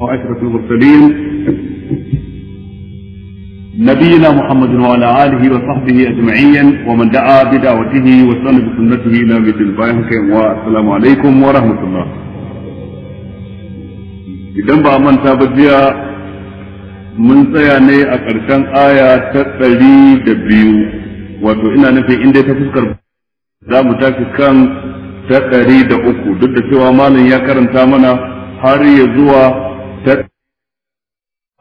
وأشرف المرسلين نبينا محمد وعلى آله وصحبه أجمعين ومن دعا بدعوته وسن بسنته إلى بيت الباهك والسلام عليكم ورحمة الله idan ba manta ba jiya mun tsaya ne a ƙarshen aya ta ɗari da biyu wato ina nufin inda ta fuskar za mu tafi kan ta ɗari da uku duk da cewa malam ya karanta mana har ya zuwa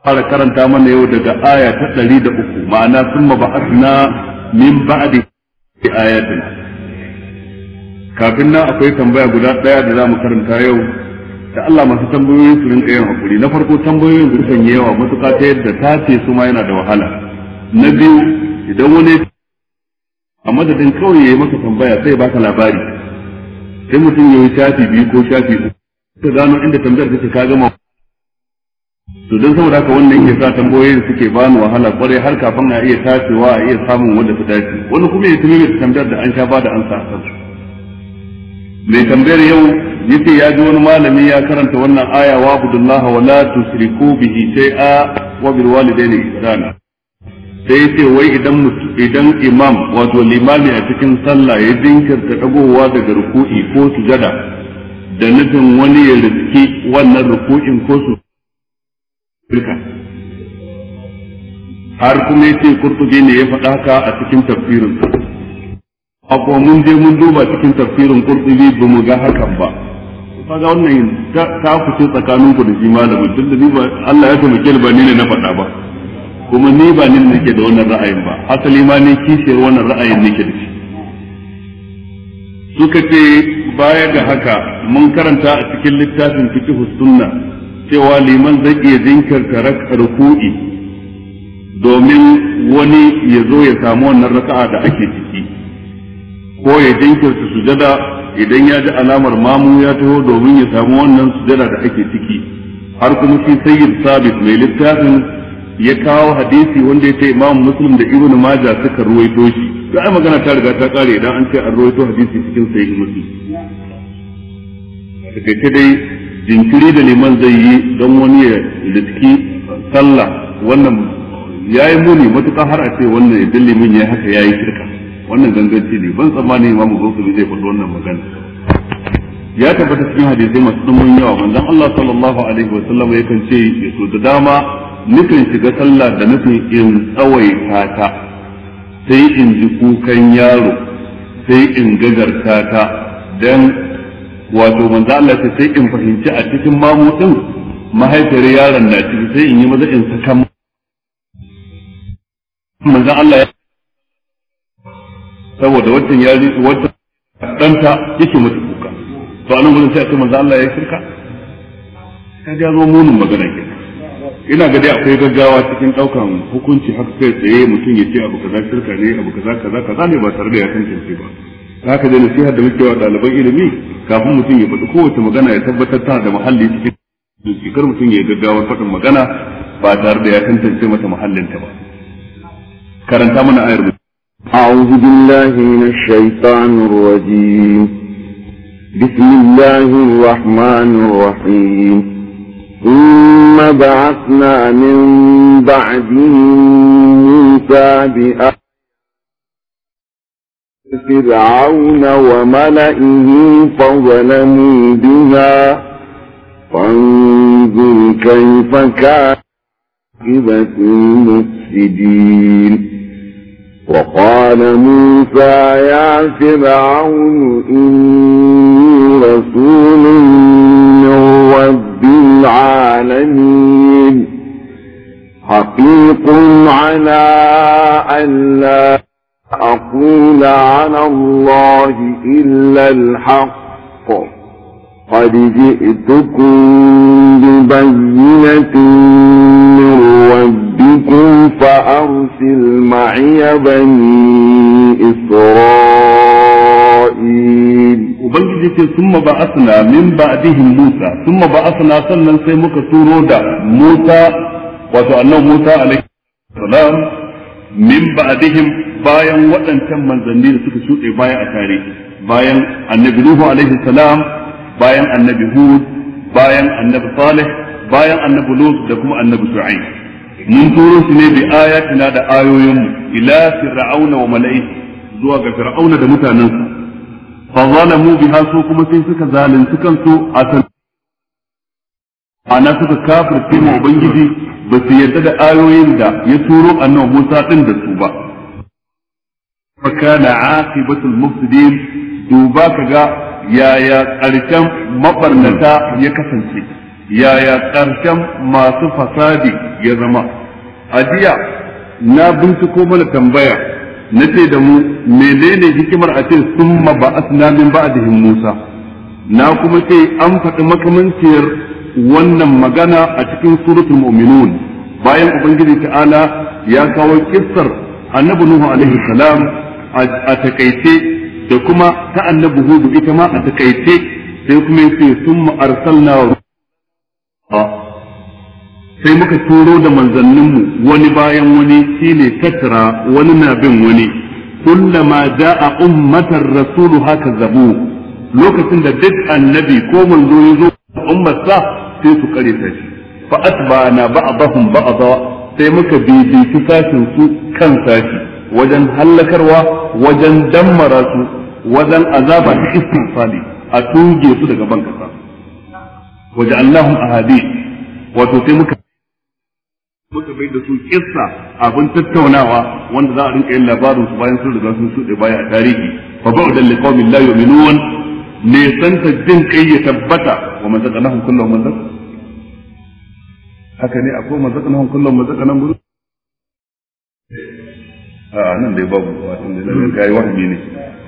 fara karanta mana yau daga aya ta ɗari da uku ma'ana sun na min ba'di ayatina kafin nan akwai tambaya guda ɗaya da za mu karanta yau da Allah masu tambayoyin su rinka yin hakuri na farko tambayoyin su kan yawa matuƙa ta yadda ta ce su ma yana da wahala na biyu idan wani a madadin kawai ya yi masa tambaya sai ba ka labari sai mutum ya yi shafi biyu ko shafi uku ta gano inda tambayar take ka gama to don saboda haka wannan ya sa tambayoyin suke bani wahala kwarai har kafin a iya tasewa a iya samun wanda ta dace wani kuma ya tuni mai tambayar da an sha ba da sa a mai tambayar yau yace ya ji wani malami ya karanta wannan aya wa abdullah wa la tusriku bihi shay'a wa bil walidayni ihsana sai yace wai idan idan imam wato limami a cikin sallah ya dinkirta dagowa daga ruku'i ko sujada da nufin wani ya riski wannan ruku'in ko su shirka har kuma yace kurtubi ne ya faɗa haka a cikin tafsirin a mun je mun duba cikin tafsirin kurtubi ba mu ga hakan ba kaga wannan ta fice tsakanin ku da shi malamin tunda ni ba Allah ya taimake ni ba ni ne na faɗa ba kuma ni ba ni nake da wannan ra'ayin ba asali ma ne kishiyar wannan ra'ayin nake da shi suka ce baya ga haka mun karanta a cikin littafin fiqh sunna cewa liman zai iya jinkirta ruku'i domin wani ya zo ya samu wannan raka'a da ake ciki ko ya jinkirta sujada idan ya ji alamar mamu ya taho domin ya samu wannan sujada da ake ciki har kuma shi sayyid sabit mai littafin ya kawo hadisi wanda ya ce imam muslim da ibnu majah suka ruwaito shi da ai magana ta riga ta kare idan an ce an ruwaito hadisi cikin sayyid muslim take dai jinkiri da liman zai yi don wani ya litki sallah wannan ya yi muni matuƙa har a ce wannan idan liman ya haka ya yi shirka wannan ganganci ne ban tsammani imamu zuwa zai faɗi wannan magana ya tabbata cikin hadisai masu dumin yawa manzon Allah sallallahu alaihi wa sallam yakan ce yaso da dama nukan shiga sallah da nufin in tsawaita ta sai in ji kukan yaro sai in gagarta ta dan wato manzo Allah ce sai in fahimci a cikin mamu din mahaifiyar yaron na ciki sai in yi maza in saka manzo Allah ya saboda wannan yari wancan danta yake mutu kuka to anan gurin sai a ce manzo Allah ya shirka Ta ga zo munin magana ke ina ga dai akwai gaggawa cikin daukan hukunci haka sai tsaye mutum ya ce abu kaza shirka ne abu kaza kaza kaza ne ba tare da ya tantance ba haka dai nasihar da muke wa ɗaliban ilimi kafin mutum ya faɗi kowace magana ya tabbatar ta da muhalli cikin zuciyar mutum ya gaggawar faɗin magana ba tare da ya tantance mata muhallinta ba karanta mana ayar أعوذ بالله من الشيطان الرجيم بسم الله الرحمن الرحيم ثم بعثنا من بعدهم موسى بأ فرعون وملئه فظلموا بها فانظر كيف كان عاقبة المفسدين وقال موسى يا فرعون إني رسول من رب العالمين حقيق على أن لا أقول على الله إلا الحق قد جئتكم ببينة من ربكم فأرسل معي بني إسرائيل Ubangiji sun ma ba asina min ba adihin Musa, sun ma ba sannan sai muka turo da Musa, wato Musa min ba bayan waɗancan manzanni da suka shuɗe baya a tarihi bayan annabi Nuhu alaihi salam bayan annabi Hud bayan annabi Salih bayan annabi Lut da kuma annabi Shu'aib mun turo su ne bi ayatina da ayoyinmu ila fir'auna wa mala'ihi zuwa ga fir'auna da mutanensa fa zalamu biha su kuma sai suka zalunci kansu a san ana suka kafirce mu ubangiji ba su yarda da ayoyin da ya turo annabi Musa din da su ba makana aqibatul mufsidin duba kaga yaya karshen mabarnata ya kasance yaya karshen masu fasadi ya zama a jiya na binciko mana tambaya na ce da mu menene hikimar a ce summa ba'athna min ba'dihim Musa na kuma ce an faɗi makamanciyar wannan magana a cikin suratul mu'minun bayan ubangiji ta'ala ya kawo kissar annabi nuhu alaihi salam a takaice da kuma ta annabi hudu ita ma a takaice sai kuma yace summa arsalna sai muka turo da manzanninmu wani bayan wani shine tattara wani na bin wani kullama a ummatar rasulu haka zabu lokacin da duk annabi ko manzo ya zo ummarsa sai su kare ta shi fa na ba'dahum ba'dha sai muka bibi sashin su kan sashi wajen hallakarwa wajen dammara su wajen azaba ta istifali a tuge su daga ban kasa waje allahum ahadi wato sai muka muka bai da su kissa abin tattaunawa wanda za a rinka yin labarin su bayan sun riga sun shuɗe baya a tarihi fa ba'da liqaumin la yu'minun ne santa jin kai ya tabbata wa man zakanahum kullu man zak haka ne akwai man zakanahum kullu man zakanan buru a nan dai babu watan da nan kai wahmi ne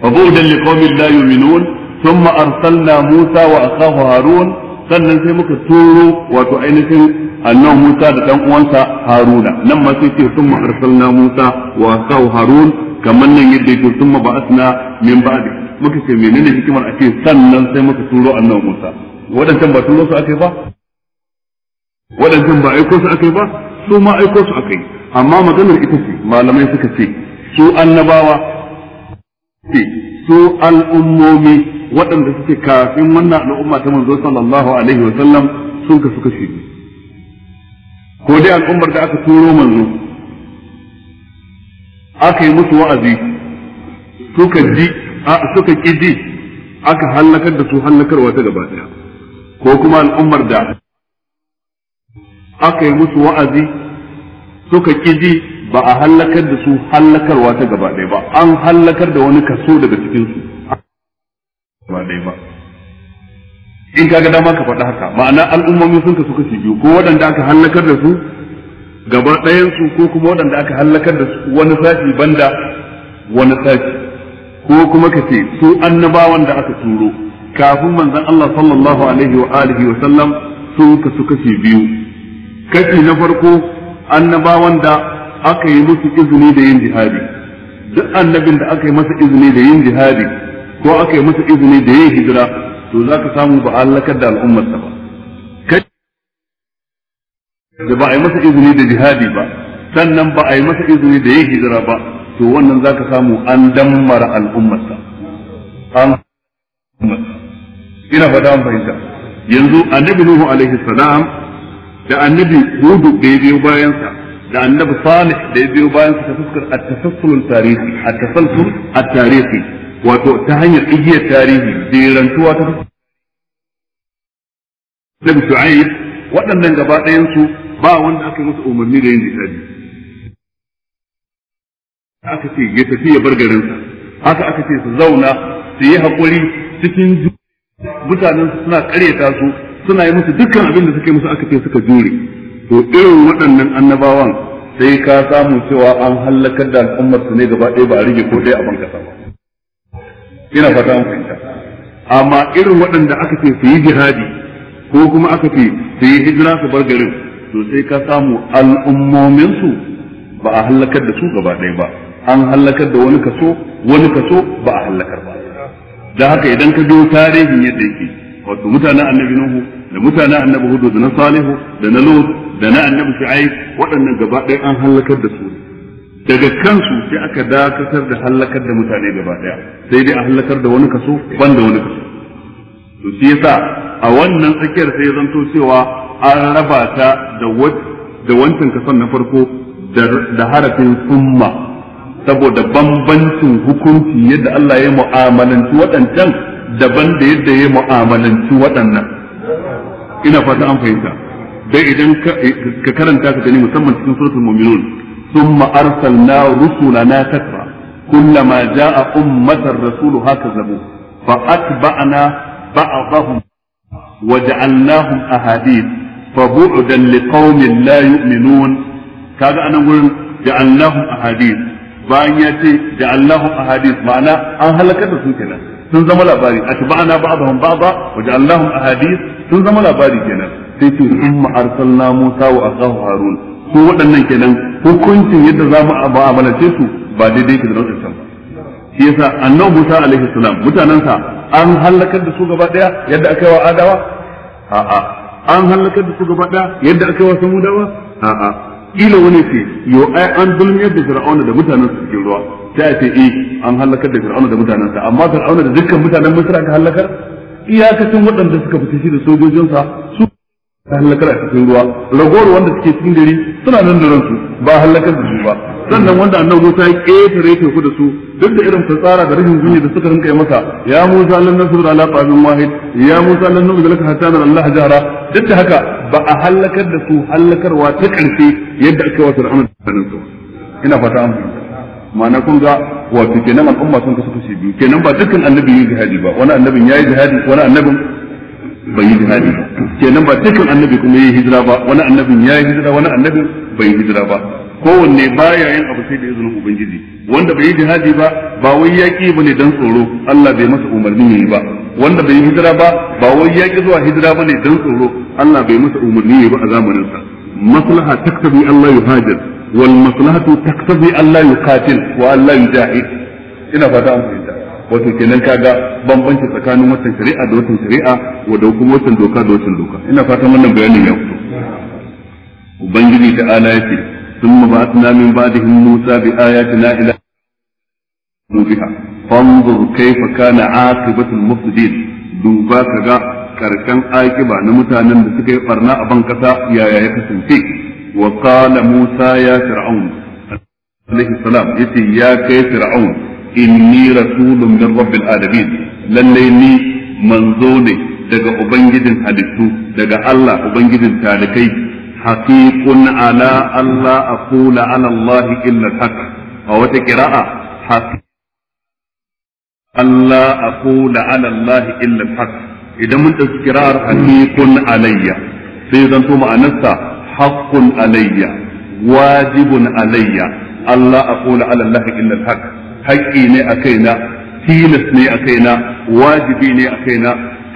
fa bu'dan liqaumin la yu'minun thumma arsalna Musa wa akahu Harun sannan sai muka turo wato ainihin annan Musa da dan uwansa Haruna nan ma sai ce thumma arsalna Musa wa akahu Harun kamar nan yadda yake thumma ba'athna min ba'di muka ce menene hikimar ake sannan sai muka turo annan Musa wadancan ba turo su ake ba wadancan ba aiko su akai ba su ma aiko su akai amma maganar ita ce malamai suka ce su annabawa su al'ummomi waɗanda suke kafin wannan al'umma ta manzo sallallahu alaihi wa sallam sun kasu kashi ko dai al'ummar da aka turo manzo aka yi musu wa'azi suka ji suka ƙi aka hallakar da su hallakarwa ta gaba ɗaya ko kuma al'ummar da aka yi musu wa'azi suka kiji ba a hallakar da su hallakarwa ta gaba ɗaya ba an hallakar da wani kaso daga cikin su gaba ɗaya ba in kaga dama ka faɗi haka ma'ana al'ummomi sun kasu kashi biyu ko waɗanda aka hallakar da su gaba ɗayan su ko kuma waɗanda aka hallakar da su wani sashi banda wani sashi ko kuma ka ce su annabawan da aka turo kafin manzon Allah sallallahu alaihi wa alihi wa sallam sun kasu kashi biyu kashi na farko annabawan da aka yi musu izini da yin jihadi duk annabin da aka yi masa izini da yin jihadi ko aka yi masa izini da yin hijira to za ka samu ba halakar da al'ummarsa ba kai da ba a yi masa izini da jihadi ba sannan ba a yi masa izini da yin hijira ba to wannan za ka samu an dammara al'ummarsa ina fata an fahimta yanzu annabi nuhu alaihi salam da annabi hudu da ya biyo bayansa da annabi salih da ya biyo bayansa ta fuskar a tasassul tarihi a tasalsul a tarihi wato ta hanyar igiyar tarihi da rantuwa ta da shu'aib waɗannan gaba ɗayansu ba wanda aka masa umarni da yin jihadi aka ce ya tafi ya bar garinsa haka aka ce su zauna su yi haƙuri cikin mutanen suna ƙaryata su suna yi musu dukkan abin da suke musu aka ce suka jure to irin waɗannan annabawan sai ka samu cewa an hallakar da al'ummar su ne gaba ɗaya ba a rige ko ɗaya a banka ba ina fata an fahimta amma irin waɗanda aka ce su yi jihadi ko kuma aka ce su yi hijira su bar garin to sai ka samu al'ummomin su ba a hallakar da su gaba ɗaya ba an hallakar da wani kaso wani kaso ba a hallakar ba da haka idan ka biyo tarihin yadda yake wato mutanen annabi nuhu da mutanen annabi hudu da na salihu da na lut da na annabi shu'aib waɗannan gaba ɗaya an halakar da su daga kansu sai aka dakatar da halakar da mutane gaba ɗaya sai dai a halakar da wani kaso ban da wani kaso to shi yasa a wannan tsakiyar sai ya zanto cewa an raba ta da da wancan kason na farko da harafin summa saboda bambancin hukunci yadda Allah ya mu'amalanci waɗancan daban da yadda ya mu'amalanci waɗannan ina fata an fahimta dai idan ka karanta ka gani musamman cikin suratul mu'minun thumma arsalna rusulana tatra kullama jaa ummatar rasulu hakazabu fa atba'na ba'dahum waja'alnahum ahadith fa bu'dan liqaumin la yu'minun kaga anan gurin ja'alnahum ahadith bayan ya ce ja'alnahum ahadith ma'ana an halaka da su kenan sun zama labari a ba atba'na ba ba wa ja'alnahum ahadith sun zama labari kenan sai ce umma arsalna Musa wa akahu Harun su waɗannan kenan hukuncin yadda za mu mu'amalance su ba daidai ke da wancan ba shi yasa annabu Musa alaihi salam mutanansa an halakar da su gaba ɗaya yadda aka yi wa Adawa a'a an halakar da su gaba ɗaya yadda aka yi wa Samudawa a'a kila wani ce yo ai an dulmiyar da fir'auna da mutanen su cikin ruwa ta ce eh an halakar da fir'auna da mutanen sa amma fir'auna da dukkan mutanen misra aka halakar iyakacin waɗanda suka fita shi da sojojinsa su ta halakar a cikin ruwa ragowar wanda suke cikin dare suna nan da ransu ba halakar da su ba sannan wanda annabi Musa ya ketare ku da su duk da irin fitsara da rashin kunya da suka rinka yi masa ya Musa lan nasbur ala qawmin wahid ya Musa lan nuzilaka hatta Allah jahra duk da haka ba a halakar da su halakarwa ta ƙarfe yadda aka wasu ra'amun sanin su ina fata an ma'ana kun ga wato kenan al'umma sun kasu kashi biyu kenan ba dukkan annabi yin jihadi ba wani annabin yi jihadi wani annabin bai yi jihadi ba kenan ba dukkan annabi kuma yi hijira ba wani annabin yi hijira wani annabin bai hijira ba kowanne baya yin abu sai da izinin ubangiji wanda bai yi jihadi ba ba wai yaki bane dan tsoro Allah bai masa umarni yayi ba wanda bai yi hijira ba ba wai yaki zuwa hijira bane dan tsoro Allah bai masa umarni yayi ba a zamanin sa maslaha taktabi Allah yuhajir wal maslahatu taktabi Allah yuqatil wa Allah yujahid ina fata an fahimta wato kenan kaga bambanci tsakanin watan shari'a da watan shari'a wa da kuma watan doka da watan doka ina fata wannan bayanin yau ubangiji ta ala yace thumma ba'athna min ba'dihim musa bi na ila biha fanzur kayfa kana aqibatu al-mufsidin duba kaga karkan aƙiba na mutanen da suka yi barna a ban kasa yaya ya kasance wa qala musa ya fir'aun alaihi salam yace ya kai fir'aun inni rasulun min rabbil alamin lalle ni manzo ne daga ubangijin halittu daga Allah ubangijin talikai haqiqun ala Allah aqula ala illa al a wata qira'a Allah aqula ala illa al idan mun dauki qira'ar haqiqun alayya sai zan to ma'anarsa haqqun alayya wajibun alayya Allah aqula ala illa al haƙƙi ne a kaina tilas ne a kaina wajibi ne a kaina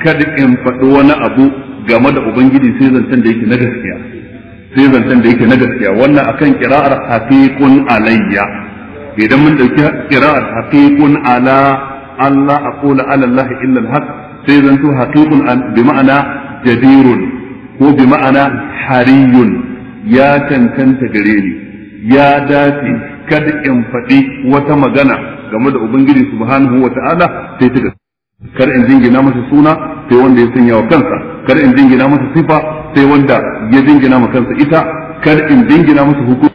kada in faɗi wani abu game da ubangiji sai zancen da yake na gaskiya sai zancen da yake na gaskiya wannan akan kira'ar haqiqun alayya idan mun dauki kira'ar haqiqun ala Allah aqulu ala Allah illa al-haq sai zanto haqiqun bi ma'ana jadirun ko bi ma'ana hariyun ya tantanta gare ni ya dace kada in faɗi wata magana game da ubangiji subhanahu wata'ala sai ta kar in jingina masa suna sai wanda ya sanya wa kansa kar in jingina masa sifa sai wanda ya dingina ma kansa ita kar in jingina masa hukum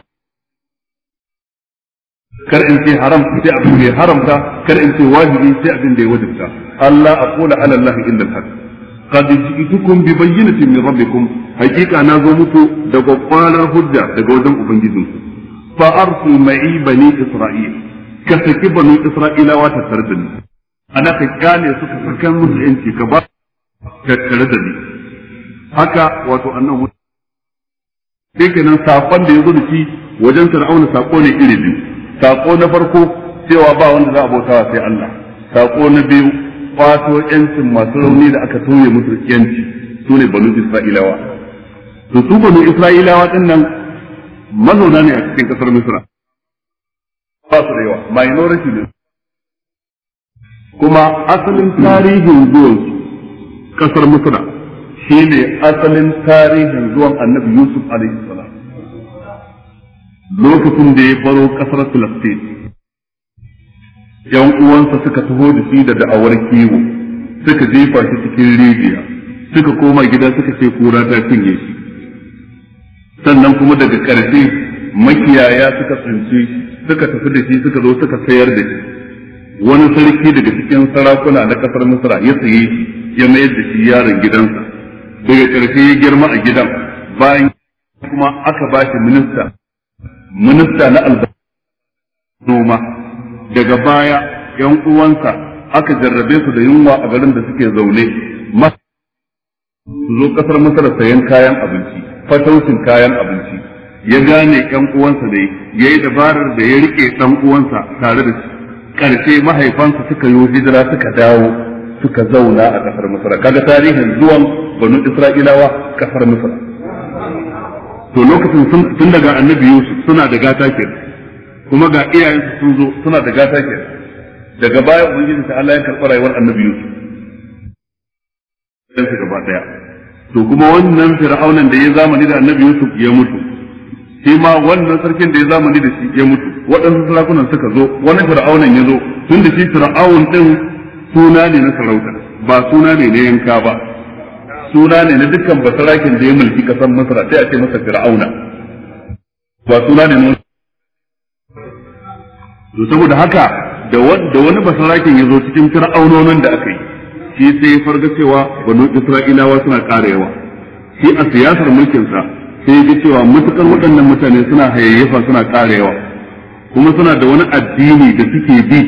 kar in ce haram sai abin da ya haramta kar in ce wajibi sai abin da ya wajibta Allah aqula ala Allah illa al-haq qad ji'tukum bi bayyinatin min rabbikum haqiqa na zo muku da gwagwarar hujja daga wajen ubangijinku fa arsul ma'i bani isra'il ka saki banu isra'ilawa ta tardin ana ka kyale suka sakan musu yanci ka ba ka tare da haka wato annabi sai kenan sakon da zo da shi wajen fir'auna sako ne iri biyu sako na farko cewa ba wanda za a bautawa sai Allah sako na biyu kwato yancin masu rauni da aka toye musu yanci su ne banu isra'ilawa to su banu isra'ilawa din nan mazauna ne a cikin kasar misra ba su da yawa minority ne kuma asalin tarihin zuwan kasar misra shine asalin tarihin zuwan annabi Yusuf alaihi salam lokacin da ya baro kasar Filistin yan uwansa suka taho da shi da da'awar kiwo suka jefa shi cikin rijiya suka koma gida suka ce kura ta cinye shi sannan kuma daga ƙarshe makiyaya suka tsinci suka tafi da shi suka zo suka sayar da shi wani sarki daga cikin sarakuna na kasar Misra ya saye ya mayar da shi yaron gidansa daga ƙarshe ya girma a gidan bayan kuma aka ba shi minista minista na noma daga baya yan uwansa aka jarrabe su da yunwa a garin da suke zaune su zo kasar masar sayan kayan abinci fatausin kayan abinci ya gane yan uwansa da ya yi dabarar da ya rike dan uwansa tare da shi ƙarshe mahaifansa suka yi hijira suka dawo suka zauna a kasar masar kaga tarihin zuwan banu isra'ilawa kasar misra to lokacin tun daga annabi yusuf suna da gata ke kuma ga iyayensu sun zo suna da gata ke daga baya ubangiji ta Allah ya karɓi rayuwar annabi yusuf dan su gaba daya to kuma wannan fir'aunan da ya zamani da annabi yusuf ya mutu shi ma wannan sarkin da ya zamani da shi ya mutu waɗansu sarakunan suka zo wani fir'aunan ya zo tun da shi fir'aun din suna ne na sarauta ba suna ne na yanka ba suna ne na dukkan basarakin da ya mulki kasar Masar sai a ce masa Fir'auna ba suna ne to saboda haka da wani basarakin ya zo cikin fir'aunonin da aka yi shi sai farga cewa banu Isra'ilawa suna ƙara yawa shi a siyasar mulkinsa sai ya ga cewa matukar waɗannan mutane suna hayayyafa suna ƙara yawa kuma suna da wani addini da suke bi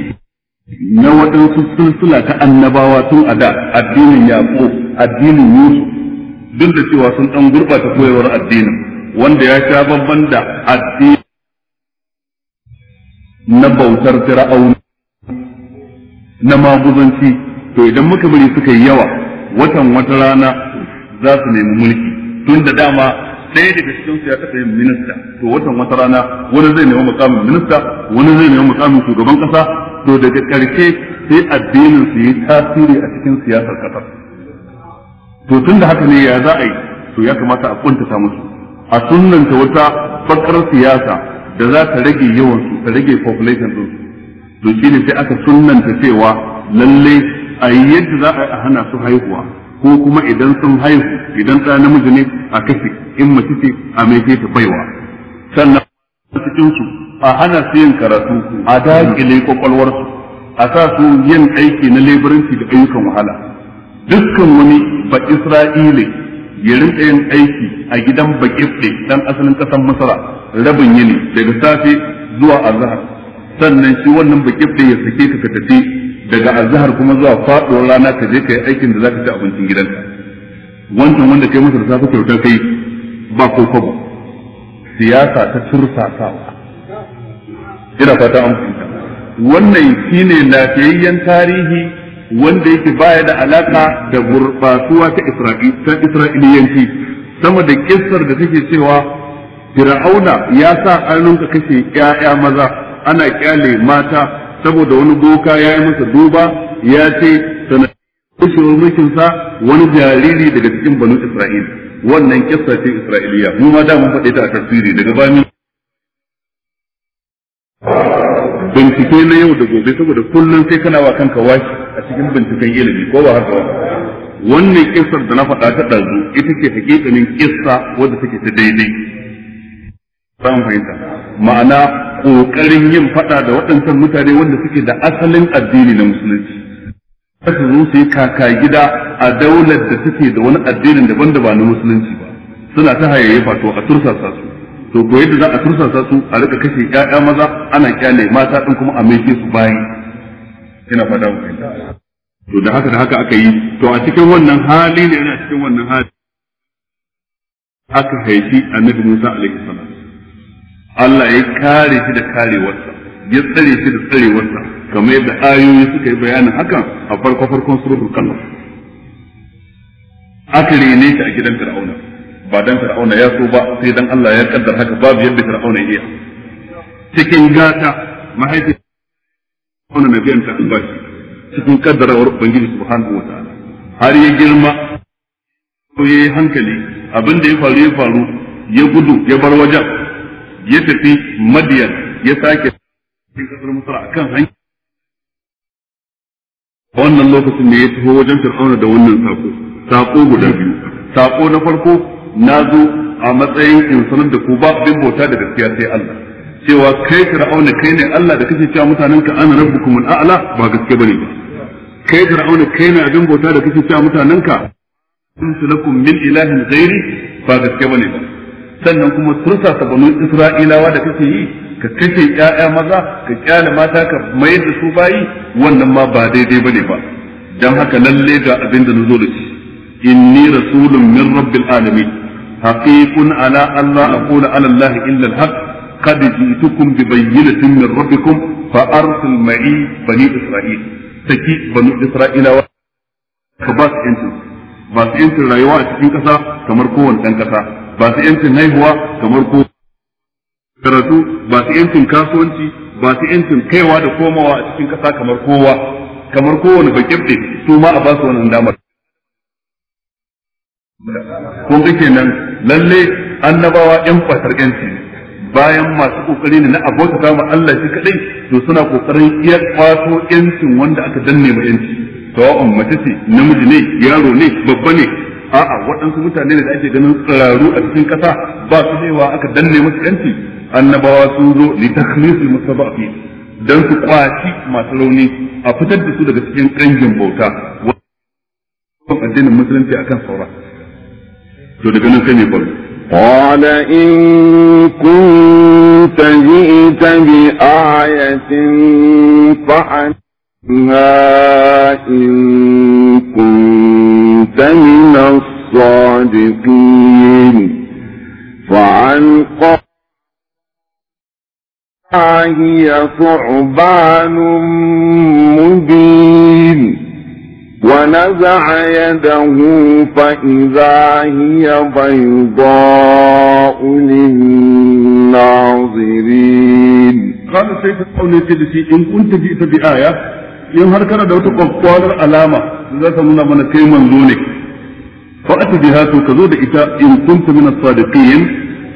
na waɗansu sulsula ta annabawa tun a da addinin yaƙo addinin Yusuf duk da cewa sun dan gurbata koyarwar addinin wanda ya sha babban da addini na bautar fir'auna na maguzanci to idan muka bari suka yi yawa watan wata rana za su nemi mulki tun da dama ɗaya daga cikin su ya taɓa yin minista to watan wata rana wani zai nemi mukamin minista wani zai nemi mukamin shugaban ƙasa to daga ƙarshe sai addinin su yi tasiri a cikin siyasar ƙasar to tun da haka ne ya za a yi to ya kamata a kuntata musu a sunanta wata bakar siyasa da za ta rage yawan su ta rage population din su to ne sai aka sunanta cewa lalle a yi yadda za a hana su haihuwa ko kuma idan sun haihu idan ɗa namiji ne a kashe in mace ce a mai ta baiwa sannan cikin su a hana su yin karatu a dakile kwakwalwarsu a sa su yin aiki na leburanci da ayyukan wahala dukkan wani ba Isra'ile ya rinka yin aiki a gidan Bakifde dan asalin kasan Masara rabin yini daga safe zuwa azhar sannan shi wannan Bakifde ya sake ka tafi daga azhar kuma zuwa faɗuwar rana ka je ka yi aikin da zaka ci abincin gidanka wancan wanda kai masa da safe kyautar kai ba ko kwabo siyasa ta tursasawa ina fata an fahimta wannan shine lafiyayyen tarihi wanda yake baya da alaka da gurbatuwa ta isra'iliyanci sama da kissar da take cewa fir'auna ya sa an ka kashe ƴaƴa maza ana kyale mata saboda wani doka ya yi masa duba ya ce sanadiyar sa wani jariri daga cikin banu isra'il wannan kissa ce isra'iliya mu ma da mun faɗe ta a tasiri daga bani bincike na yau da gobe saboda kullum sai kana wa kanka waki a cikin binciken ilimi ko ba haka ba wannan kissar da na faɗa ta ɗazu ita ce hakikanin kissa wadda take ta daidai samun fahimta ma'ana ƙoƙarin yin faɗa da waɗancan mutane wanda suke da asalin addini na musulunci su zo su yi kaka gida a daular da suke da wani addinin daban da ba na musulunci ba suna ta hayayyafa to a tursasa su to ko yadda za a tursasa su a rika kashe ƴaƴa maza ana kyale mata ɗin kuma a maishe su bayan ina fata ku fahimta to da haka da haka aka yi to a cikin wannan hali ne a cikin wannan hali aka haifi annabi Musa alaihi salam Allah ya kare shi da karewarsa ya tsare shi da tsarewarsa kamar yadda ayoyi suka yi bayanin hakan a farko farkon suratul kalaf aka rene shi a gidan fir'auna ba dan fir'auna ya so ba sai dan Allah ya kaddara haka babu yadda fir'auna ya iya cikin gata mahaifin kuma na biyan ta ba shi cikin kaddarawar ubangiji subhanahu wataala har ya girma ko yayi hankali abin da ya faru ya faru ya gudu ya bar wajen ya tafi madiyan ya sake cikin kasar misra akan hanya wannan lokacin ne ya taho wajen fir'auna da wannan sako sako guda biyu sako na farko na zo a matsayin in da ku ba abin bauta da gaskiya sai Allah cewa kai fir'auna kai ne Allah da kake cewa mutanenka ka ana rabbukum al'ala ba gaske bane ba kai fir'auna kai ne abin bauta da kake cewa mutanenka. ka kuntu lakum min ilahin ghairi ba gaske bane ba sannan kuma tursa ta banu isra'ilawa da kake yi ka kace ƴaƴa maza ka ƙyale mata ka mayar da su bayi wannan ma ba daidai bane ba dan haka lalle ga abin da nazo da shi inni rasulun min rabbil alamin haqiqun ala an la aqula ala allahi illa al-haqq قد جئتكم ببينة من ربكم فأرسل معي بني إسرائيل تكي بني إسرائيل فباس أنتم باس أنتم رأيوا أشكين كسا كمركون أن كسا باس أنتم هيهوا كمركون karatu ba su yancin kasuwanci ba su yancin kaiwa da komawa a cikin kasa kamar kowa kamar kowane bakin su ma a ba su wannan damar kun ga nan lalle annabawa yan fasar yanci bayan masu kokari ne na abota ta mu Allah shi kadai to suna kokarin iya kwato yancin wanda aka danne mu yanci an mace ce namiji ne yaro ne babba ne a'a waɗansu mutane ne da ake ganin tsiraru a cikin ƙasa ba su cewa aka danne musu yanci annabawa sun zo li takhlisul mustada'fin dan su kwaci masu rauni a fitar da su daga cikin kangin bauta Wannan addinin musulunci akan saura to daga nan sai ne قال إن كنت جئت بآية فعلها إن كنت من الصادقين فعلقى هي ثعبان مبين ونزع يده فإذا هي بيضاء للناظرين قال سيد القول سيدتي إن كنت جئت بآية ينهر كرد وتقف قبطان العلامة ذات من من كيما زونك فأت بها تكذود إتا إن كنت من الصادقين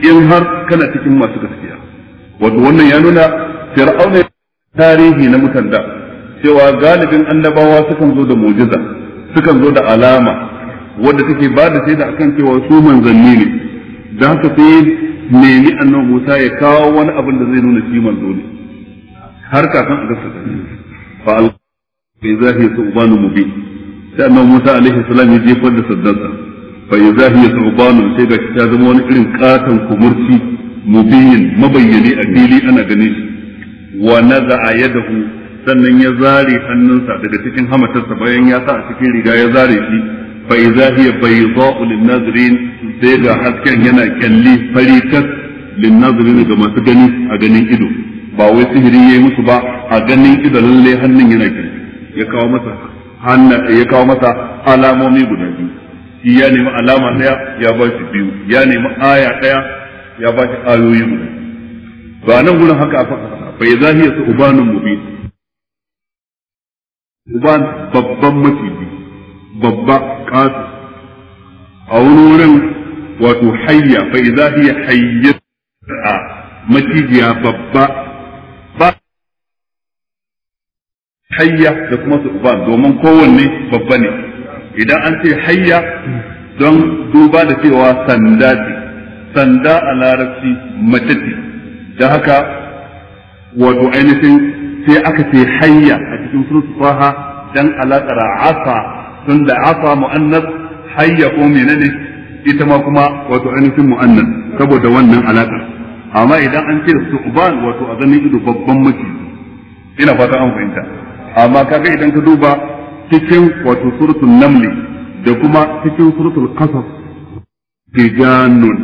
ينهر هر كانت تكما سكسكيا ودوانا يانونا فرعون تاريخي نمتن cewa galibin annabawa sukan zo da mu'jiza sukan zo da alama wadda take ba da sai da akan cewa su manzanni ne da haka sai nemi annabi Musa ya kawo wani abin da zai nuna shi manzo ne har kafin a gaskata fa al fi zahi subhanu mubi sai annabi Musa alaihi salam ya jefar da saddarsa fa zahi subhanu sai ga ta zama wani irin katon kumurci mubin mabayyane a fili ana ganin shi wa naza'a yadahu sannan ya zare hannunsa daga cikin hamatarsa bayan ya sa a cikin riga ya zare shi fa idza hiya baydha'u lin-nazirin sai ga hasken yana kyalli fari tas lin-nazirin ga masu gani a ganin ido ba wai sihiri yayi musu ba a ganin ido lalle hannun yana kyalli ya kawo masa ya kawo masa alamomi guda biyu shi ya nemi alama daya ya ba shi biyu ya nemi aya daya ya ba shi ayoyi guda ba nan gurin haka a faɗa fa idza hiya su'banun mubin uban babban maciji babba kasu a wani wurin wato hayya fa idza hiya hayyata macijiya babba ba hayya da kuma su uban domin kowanne babba ne idan an ce hayya don duba da cewa sanda ce sanda a larabci mace ce da haka wato ainihin sai aka ce hayya a cikin suratu faha dan alaƙar asa tun da asa mu'annas hayya ko menene ita ma kuma wato ainihin mu'annas saboda wannan alaƙar amma idan an ce su'ban wato a ganin ido babban maki ina fata an fahimta amma kaga idan ka duba cikin wato suratul namli da kuma cikin suratul qasas tijanun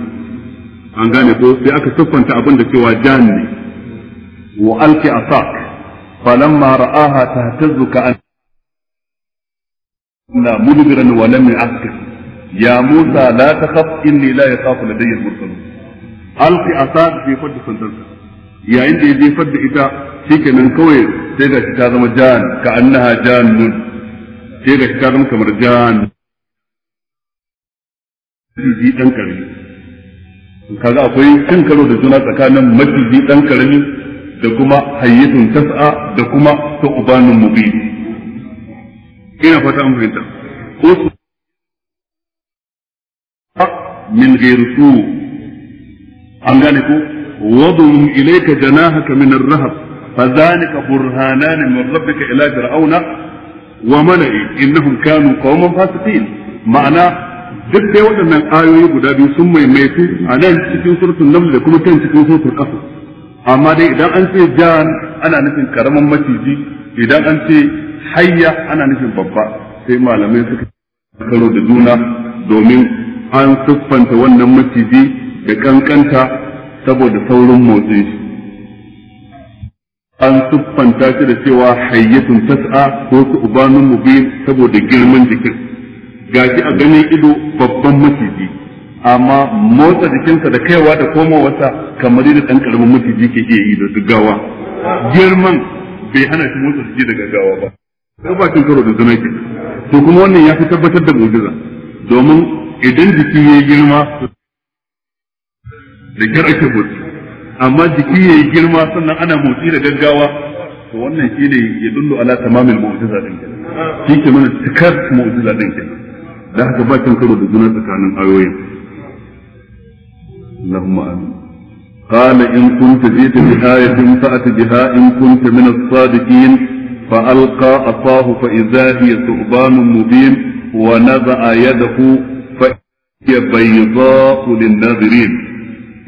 an gane ko sai aka siffanta abin da cewa jan ne wa alki asak falamma ra'aha tahtazzu ka an na mudbiran wa lam ya'qil ya Musa la takhaf inni la yakhafu ladayya al-mursalun alqi asaq fi fadda sandarka yayin da ya jefar da ita shikenan kawai sai ga ta zama jan ka annaha jannun sai ta zama kamar kaga akwai cin karo da juna tsakanin maciji ɗan karami da kuma hayyatun tas'a da kuma tu'banun mubi ina fata an fahimta su min gairu su an gane ko wadum ilayka janahaka min ar-rahab burhanan min rabbika ila إلى wa mala'i innahum kanu قوما fasiqin Ma'ana duk dai waɗannan ayoyi guda biyu sun maimaitu a nan cikin surtun namu da kuma can cikin surtun kafa amma dai idan an ce jan ana nufin karamin maciji idan an ce hayya ana nufin babba sai malamai suka karo da juna domin an siffanta wannan maciji da kankanta saboda saurin motsi an siffanta shi da cewa hayyatun tas'a ko su ubanun mubin saboda girman jikin gashi a ganin ido babban maciji amma motsa jikinsa da kaiwa da komowarsa kamar yadda ɗan ƙaramin maciji ke iya yi da gaggawa girman bai hana shi motsa jiki da gaggawa ba sai ba cin karo da zama ke to kuma wannan ya fi tabbatar da mu'jiza domin idan jiki ya yi girma da kyar ake motsi amma jiki ya yi girma sannan ana motsi da gaggawa to wannan shi ne ya dullo ala tamamin mu'jiza din kenan shi ke mana cikar mu'jiza din kenan da haka ba karo da zuna tsakanin ayoyin اللهم امين قال ان كنت جئت بايه فات بها ان كنت من الصادقين فالقى عصاه فاذا هي ثعبان مبين ونزع يده فهي بيضاء للناظرين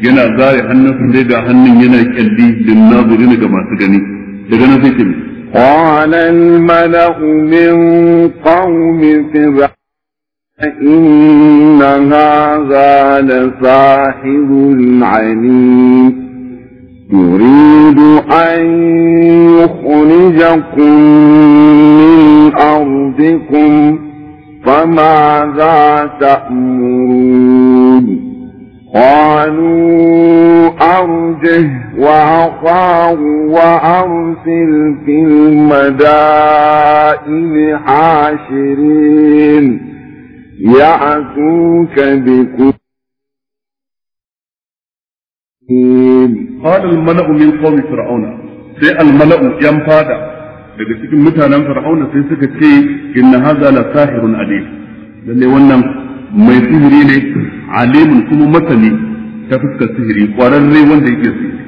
yana zare hannun sun dai ga hannun yana kyalli din nazirin ga masu gani daga nan sai ke ne إن هذا لصاحب عليم يريد أن يخرجكم من أرضكم فماذا تأمرون قالوا أرجه وأخاه وأرسل في المدائن حاشرين يعتوك بكل قال الملأ من قوم فرعون sai الملأ yan daga cikin mutanen fir'auna sai suka ce inna hadha la sahirun alim lalle wannan mai sihiri ne alimun kuma masani ta fuskar sihiri kwararre wanda yake sihiri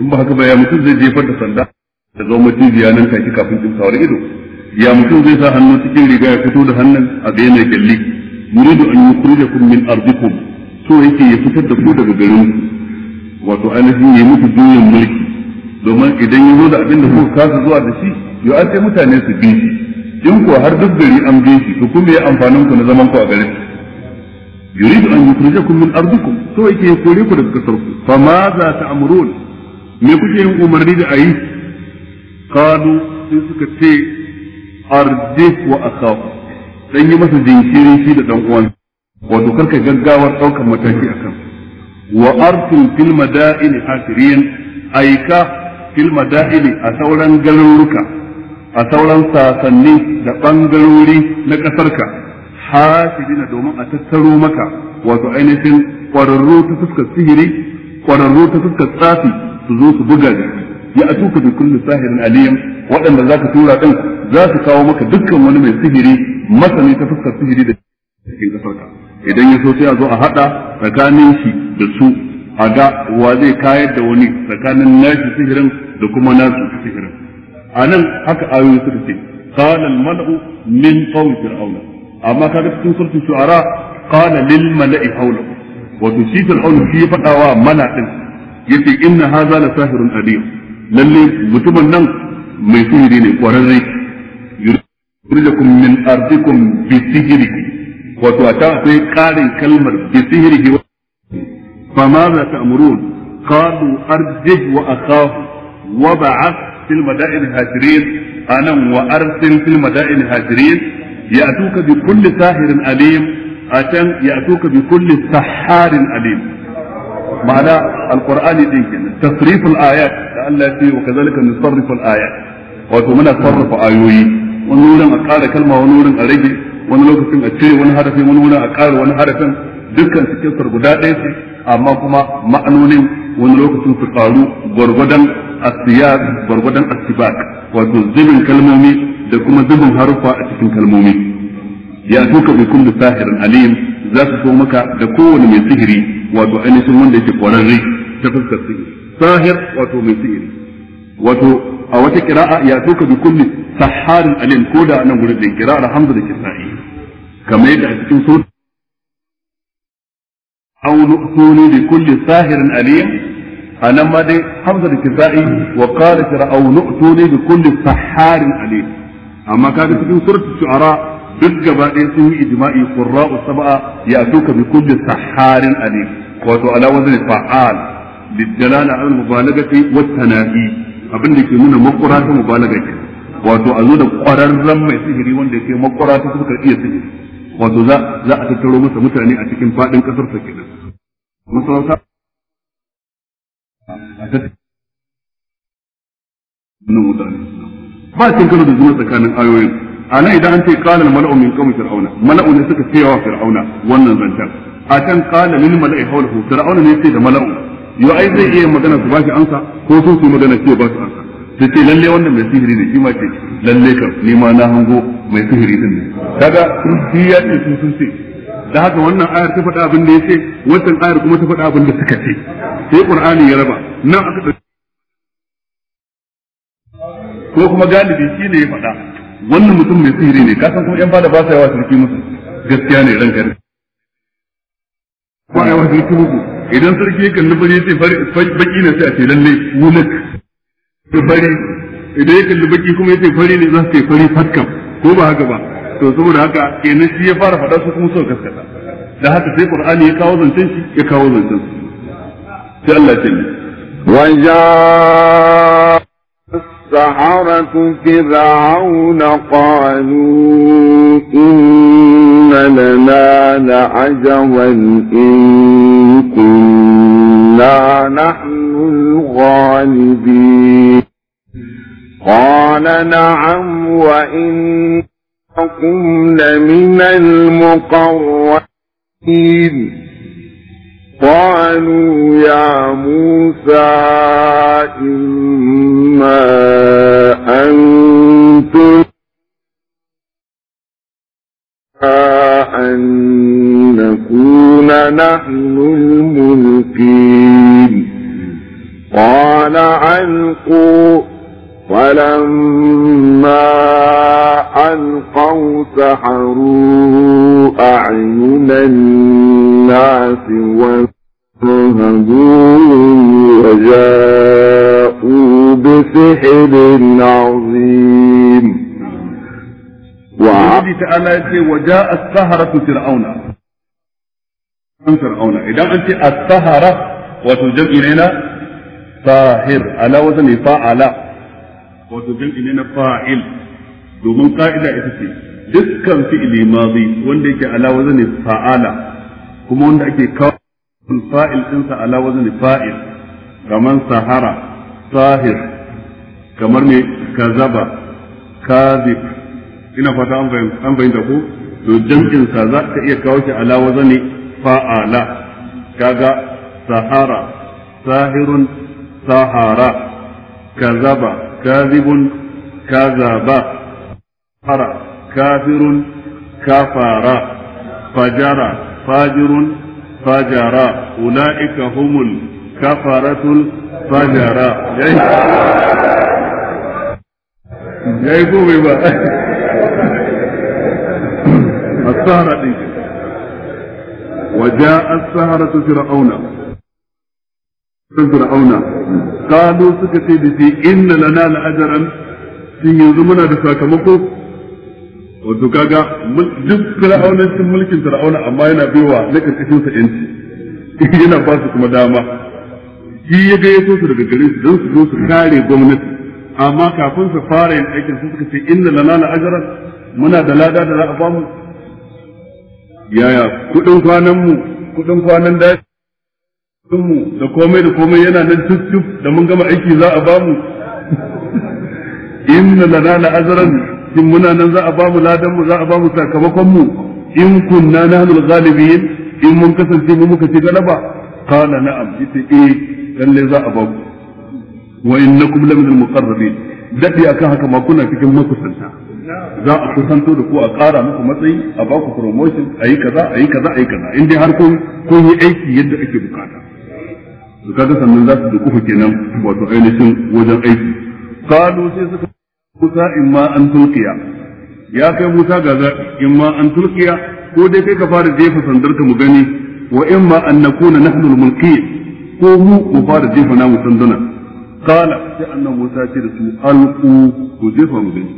in ba haka ba ya mutum zai jefar da sanda da zo maciziya nan take kafin kimsawar ido ya mutum zai sa hannu cikin riga ya fito da hannun a bayyana gyalli yuridu an yukhrijakum min ardikum so yake ya fitar da ku daga garin wato ainihin ya muku juyin mulki domin idan ya zo da abin kuka kasa zuwa da shi ya ace mutane su bi shi ko har duk gari an bi shi to kun bai amfanin ku na zaman ku a garin yuridu an yukhrijakum min ardikum ya ku daga kasar ku fa ma me kuke yin umarni da ayi qalu suka ce arde wa akhafu dan yi masa jinkiri shi da dan uwan wato karka gaggawar daukar mataki akan wa arsul fil madaini hasirin aika fil madaini a sauran garuruka a sauran sasanni da bangarori na kasarka hasidina domin a tattaro maka wato ainihin kwararru ta fuskar sihiri kwararru ta fuskar tsafi su zo su buga da ya atuka bi kulli sahirin aliyam waɗanda zaka tura din za su kawo maka dukkan wani mai sihiri masani ta fuskar sihiri da cikin kasar idan ya so sai a zo a hada tsakanin shi da su a ga wa zai kayar da wani tsakanin nashi sihirin da kuma nasu sihirin a nan haka ayoyi suka ce qala mala'u min qawmi fir'auna amma kaga cikin surtu shu'ara qala lil mala'i hawla wato shi fir'auna shi ya fada wa mana yace inna hadha la sahirin alim lallai mutumin nan mai sihiri ne kwararre yurjakum min ardikum bi sihrihi wato a akwai karin kalmar bi sihrihi fa ma za ta'murun qalu arjih wa akhahu wa ba'ath fil mada'in hajirin anan wa arsil fil mada'in hajirin ya'tuka bi kulli sahirin alim atan ya'tuka bi kulli saharin alim ma'ana ayat da Allah ya ayat wato muna sarrafa ayoyi wani wurin a ƙara kalma wani wurin a rage wani lokacin a cire wani harafi wani wurin a ƙara wani harafin dukkan cikin sar guda ɗaya ce amma kuma ma'anonin wani lokacin su ƙaru gwargwadon asiyar gwargwadon asibak wato zubin kalmomi da kuma zubin haruffa a cikin kalmomi ya tuka bi kullu sahirin alim za su so maka da kowane mai sihiri wato ainihin wanda yake kwararre ta fuskar sihiri sahir wato mai sihiri wato a wata kira'a ya tuka bi kulli saharin alim ko da nan gurin din qira'ar hamza da kisa'i kamar yadda a cikin sura aw nu'tuni bi kulli sahirin alim anan ma dai hamza da kisa'i wa qala fir'aun nu'tuni bi kulli saharin alim amma kaga cikin suratul shu'ara duk gaba ɗaya sun yi ijma'i qurra'u sab'a ya tuka bi kulli saharin alim wato ala wazni fa'al للدلالة على المبالغة والتنائي abin da ke nuna makwara ta mubalaga ke wato a zo da kwararren mai sihiri wanda ke makwara ta suka iya sihiri wato za za a tattaro masa mutane a cikin fadin kasar sa kenan masarauta ba cin karo da zuwa tsakanin ayoyin A nan idan an ce kalan al-mala'u min kawai fir'auna mala'u ne suka ce wa fir'auna wannan zantar. a can kalan mini mala'i hawlahu fir'auna ne sai da mala'u yo ai zai iya magana su bashi ansa ko su su magana su ba su ansa sai ce lalle wannan mai sihiri ne shi ma ce lalle kan ni ma na hango mai sihiri din ne kaga shi ya ce su sun ce da haka wannan ayar ta faɗa abin da ya ce wannan ayar kuma ta faɗa abin da suka ce sai qur'ani ya raba nan aka ko kuma galibi shi ne ya faɗa wannan mutum mai sihiri ne kasan kuma yan fada ba sa yawa sarki musu gaskiya ne ranka ba a wasu tubu idan sarki ya kalli bari sai baki ne sai a ce lalle wulak bari idan ya kalli baki kuma ya ce fari ne za su ce fari fatkam ko ba haka ba to saboda haka kenan shi ya fara faɗa su kuma suka kaskata da haka sai qur'ani ya kawo zancen shi ya kawo zancen sai Allah ya ce وجاء السحرة فرعون قالوا إن لنا لعجوا إن كنا نحن الغالبين قال نعم وإنكم لمن المقربين قالوا يا موسى إما أن أن نكون نحن الملكين قال علقوا ولما ألقوا سحروا أعين الناس وانهدوهم وجاءوا بسحر عظيم وعندي تعالى وجاء السهرة فرعون فرعون إذا أنت السهرة وتجمع إلينا ساهر على وزن فاعل wato jam'i ne na fa'il domin ka'ida ita ce dukkan fi'ili madi wanda yake ala wazni fa'ala kuma wanda ake kawo fa'il ɗinsa ala wazni fa'il kamar sahara sahir kamar ne kazaba kazib ina fata an fahimta ko to jam'in sa za ka iya kawo shi ala wazni fa'ala kaga sahara sahirun sahara kazaba كاذب كذب كفر كافر كفر فجر فاجر فجر أولئك هم الكفرة الفجر جايبوا بقى السهرة دي وجاء السهرة فرعون sun fir'auna kalu suka ce da shi inna lana la'ajaran sun yanzu muna da sakamako wato kaga duk fir'aunancin mulkin fir'auna amma yana baiwa na ƙarƙashin sa yanci yana ba su kuma dama shi ya ga yaso su daga gare su don su zo su kare gwamnati amma kafin su fara yin aikin sun suka ce inna lana la'ajaran muna da lada da za a bamu yaya kudin kwanan mu kudin kwanan daji mu da komai da komai yana nan tuf da mun gama aiki za a bamu inna lana la azran kin muna nan za a bamu ladan mu za a bamu sakamakon mu in kunna nahnul ghalibin in mun kasance mu muka ci galaba qala na'am yace eh lalle za a baku wa innakum lamin al-muqarrabin dadi akan haka ma kuna cikin makusanta za a kusanto da ku a ƙara muku matsayi a baku promotion a yi kaza a yi kaza a yi kaza in dai har kun yi aiki yadda ake bukata su kaga sannan za su duku kenan wato ainihin wajen aiki qalu sai suka Musa in ma an tulkiya ya kai Musa ga za in ma an tulkiya ko dai kai ka fara jefa sandarka mu gani wa in ma an nakuna nahnu al-mulki ko mu mu fara jefa namu sanduna qala sai annabi Musa ce da su alqu ku jefa mu gani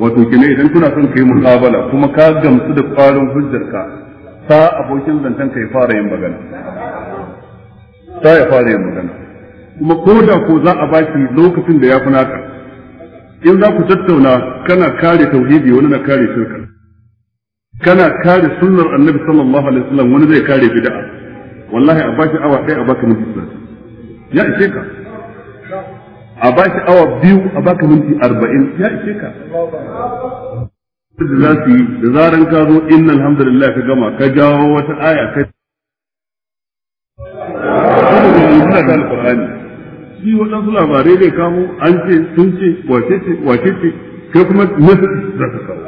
wato kina idan kuna son kai muqabala kuma ka gamsu da kwarin hujjarka sa abokin zantan kai fara yin magana hatta ya fara yin magana kuma ko da ko za a ba shi lokacin da ya fi naka in za ku tattauna kana kare tauhidi wani na kare shirka kana kare sunnar annabi sallallahu alaihi wasallam wani zai kare bid'a wallahi a bashi awa ɗaya a baka minti talatin ya ishe ka a bashi awa biyu a baka minti arba'in ya ishe ka da za su yi da zaran ka zo innal alhamdulillah ka gama ka jawo wata aya ka suna da alqur'ani shi waɗansu labarai zai kamo an ce sun ce wace ce wace ce kai kuma nasu za ta kawo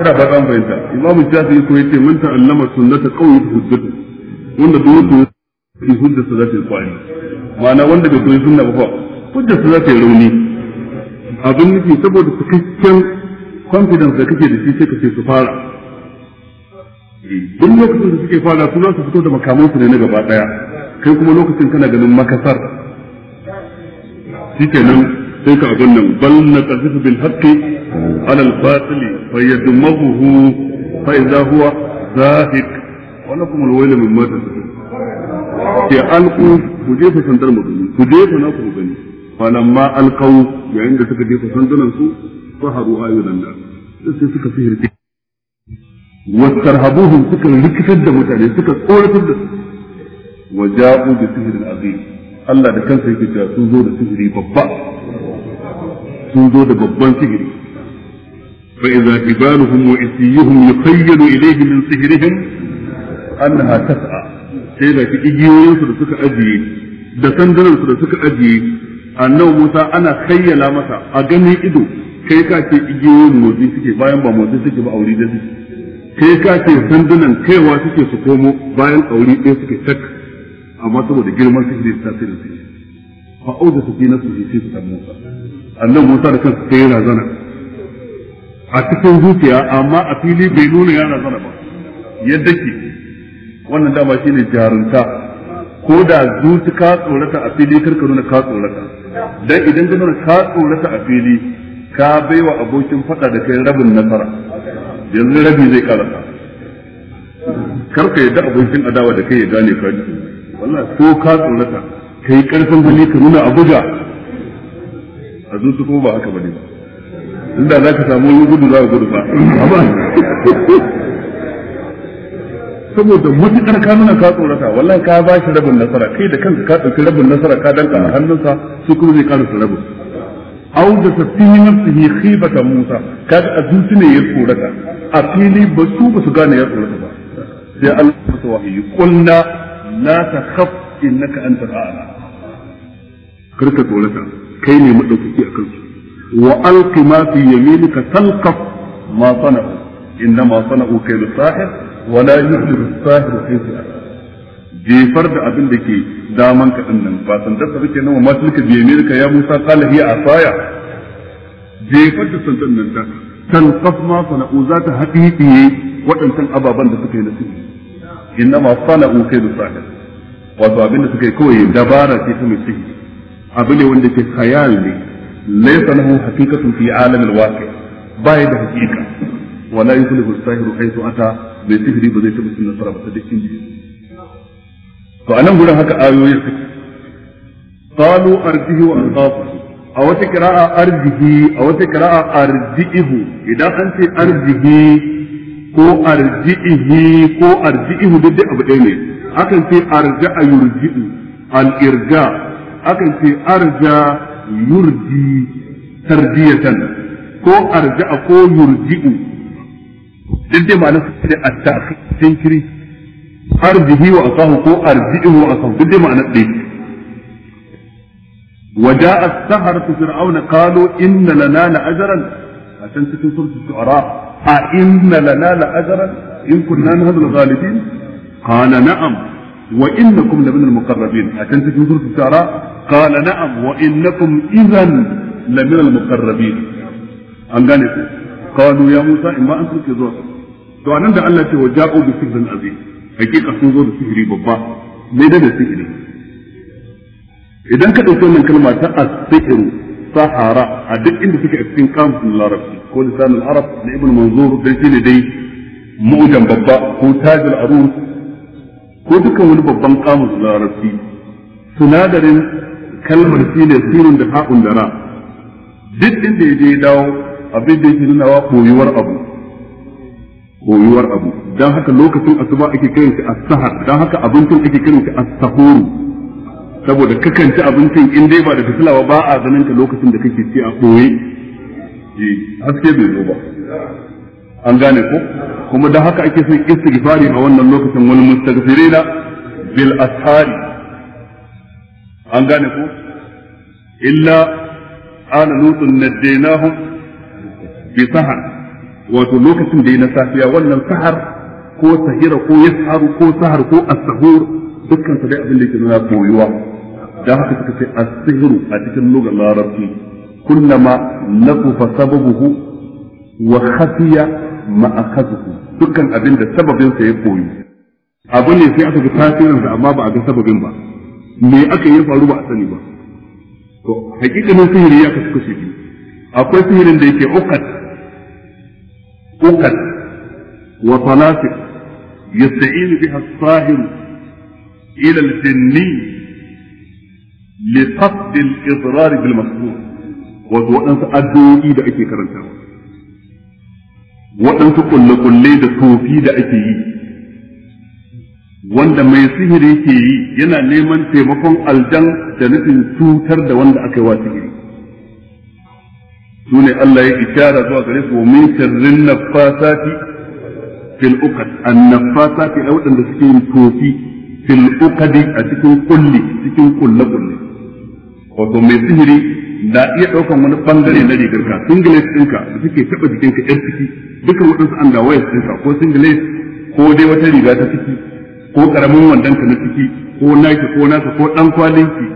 ina ba zan fahimta imamu shafi'i ko yace man ta'allama sunnata ta hujjatu wanda dole ne shi hujjatu za ta yi kwari ma'ana wanda bai koyi sunna ba fa hujjatu za ta yi rauni abin nufi saboda cikakken confidence da kake da shi sai ka ce su fara duk lokacin da suke fara su za su fito da makamansu ne na gaba daya kai kuma lokacin kana ganin makasar shikenan sai ka abin nan bal na qasifu bil haqqi ala al batil fa yadmahu fa idha huwa zahiq wa kuma al wayl mimma tasifun ke alqu ku jefa sandar mu gani ku jefa na ku gani falamma alqaw yayin da suka jefa sandunan su faharu ayunan da sai suka sihirce wastarhabuhum suka rikitar da mutane suka tsoratar da su wa ja'u bi sihrin azim Allah da kansa yake cewa sun zo da sihiri babba sun zo da babban sihiri fa idza ibaluhum wa isiyuhum yukhayyalu ilayhi min sihrihim annaha tas'a sai da igiyoyin su da suka ajiye da sandunan da suka ajiye Musa ana khayyala masa a ganin ido kai ka ce igiyoyin motsi suke bayan ba motsi suke ba aure da kai ka ce sandunan kaiwa suke su komo bayan aure ɗaya suke tak amma saboda girman sihiri da tasirin sihiri fa auza su fi nasu sai su dan Musa annan Musa da kansa sai yana zana a cikin zuciya amma a fili bai nuna yana zana ba yadda ke wannan dama shine jarunta ko da zuci ka tsorata a fili karka nuna ka tsorata dan idan ka nuna ka tsorata a fili ka baiwa abokin fada da kai rabin nasara yanzu rabi zai karasa karka yadda abokin adawa da kai ya gane ka wallahi so ka tsorata kai karfin hali ka nuna a buga a zuci kuma ba haka bane inda za ka samu yi gudu za ka gudu ba amma saboda matuƙar ka nuna ka tsorata wallan ka ba shi rabin nasara kai da kanka ka ɗauki rabin nasara ka danka a hannunsa su kuma zai ƙara su rabin au da safihi nafsihi khibata musa Ka a zuci ne ya tsorata a fili ba su ba su gane ya tsorata ba sai Allah ya masa wahayi qulna la takhaf innaka antal a'la karka tsorata kai ne madaukaki akan su wa alqi ma fi yaminika talqaf ma sana'u innama sana'u kaydu sahir wa la yuhlifu jefar da abin da ke daman ka din nan ba sandar da kake nawa masu ka biye ka ya Musa qala hiya asaya jefar da sandar nan ta tanqaf ma sana'u za ta haɗiɗiye waɗancan ababen da suka yi innama sana'u kaydu sahir wato abinda suka yi kawai dabara ce ta mai sihiri abu ne wanda ke khayal ne laysa lahu haqiqatun fi alamil waqi bai da haqiqa wala yuflihu sahiru haythu ata bai sihiri ba zai taba cin nasara ba ta dukkan jiki to anan gurin haka ayoyin suke qalu arjihi wa anqafu a wata kira'a arjihi a wata kira'a arjihu idan an ce arjihi ko arji'ihi ko arji'ihu duk abu ɗaya ne akan ce arja'a yurji'u al-irja akan ce arja yurji tarbiyatan ko arja'a ko yurji'u duk dai ma'ana su ce at-ta'khir jinkiri arjihi wa asahu ko arji'ihu wa asahu duk dai ma'ana ɗaya وجاء السحرة فرعون قالوا إن لنا لأجرا a can cikin suratul shu'ara a inna lana la ajran in kunna nahnu al-ghalibin qala na'am wa innakum la min al-muqarrabin a can cikin suratul shu'ara qala na'am wa innakum idhan la min al-muqarrabin an gane ku qalu ya musa in imma an turke zuwa to anan da Allah ce wa ja'u bi sihrin azim hakika sun zo da sihiri babba ne da sihiri idan ka dauki wannan kalma ta as-sihru sahara a duk inda suke a cikin kamusin larabci ko lisanin arab da ibn manzur dai mu'jan babba ko tajul arus ko dukkan wani babban larabci sunadarin kalmar da ha'un da duk inda ya je dawo abin da yake koyuwar abu koyuwar abu haka lokacin asuba ake kiran as-sahar haka abincin ake kiran as-sahuru saboda kakan abincin in dai ba da fitilawa ba a ganin ka lokacin da kake ci a ɓoye eh, haske bai zo ba an gane ko kuma da haka ake son istighfari a wannan lokacin wani mustaghfirina bil ashari an gane ko illa ana lutun nadainahum bi sahar wato lokacin da na safiya wannan sahar ko sahira ko yasharu ko sahar ko as-sahur dukkan su dai abin da ke nuna koyuwa dan haka suka ce asihru a cikin lugar larabci kullama nafufa sababuhu wa khafiya ma'akhazuhu dukkan abin da sababin sa ya koyi abu ne sai aka ga tasirin sa amma ba a ga sababin ba me aka yi faru ba a sani ba to hakikanin sihiri ya kasu kashi biyu akwai sihirin da yake ukat, ukat wa talafiq yasta'inu biha as-sahir ila al-jinni لقصد الإضرار بالمسرور وتوأنس أدوئي دا أكي كرنتا وأنس كل da tufi da ake yi, wanda mai sihiri ke yi yana neman taimakon aljan da nufin cutar da wanda aka yi wa sihiri Sune Allah ya ishara zuwa gare su min sharrin nafasati fil uqad an nafasati a waɗanda suke tufi tofi fil uqadi a cikin kulli cikin kulle kulle wato mai sihiri na iya ɗaukan wani bangare na rigar ka singlet ɗinka da suke taɓa jikin ka yar ciki dukkan waɗansu an dawaye ɗinka ko singlet ko dai wata riga ta ciki ko ƙaramin wandon ka na ciki ko naki ko naka ko ɗan kwalinki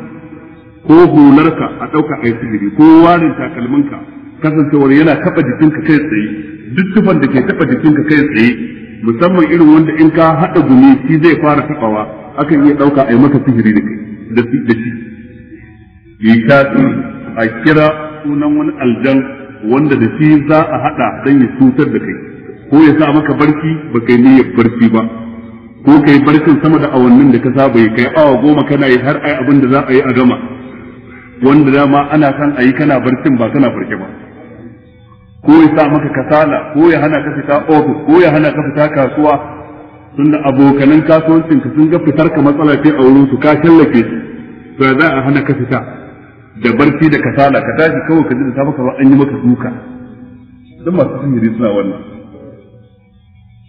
ko hularka a ɗauka a yi sihiri ko warin takalminka kasancewar yana taɓa jikinka kai tsaye duk tufan da ke taɓa jikinka kai tsaye musamman irin wanda in ka haɗa gumi shi zai fara taɓawa akan iya ɗauka a yi maka sihiri da shi likatin a kira sunan wani aljan wanda da shi za a hada dan ya cutar da kai ko ya sa maka barki ba kai ya barci ba ko kai barkin sama da awannin da ka saba yi kai awa goma kana yi har ai abin da za a yi a gama wanda dama ana san a yi kana barkin ba kana barki ba ko ya sa maka kasala ko ya hana ka fita ofis ko ya hana ka fita kasuwa tun da abokanan kasuwancin sun ga fitar ka matsala ce a wurin su ka shallake su to za a hana ka fita da barci da kasala ka tashi kawai ka ji da safe kamar an yi maka duka don masu yi suna wannan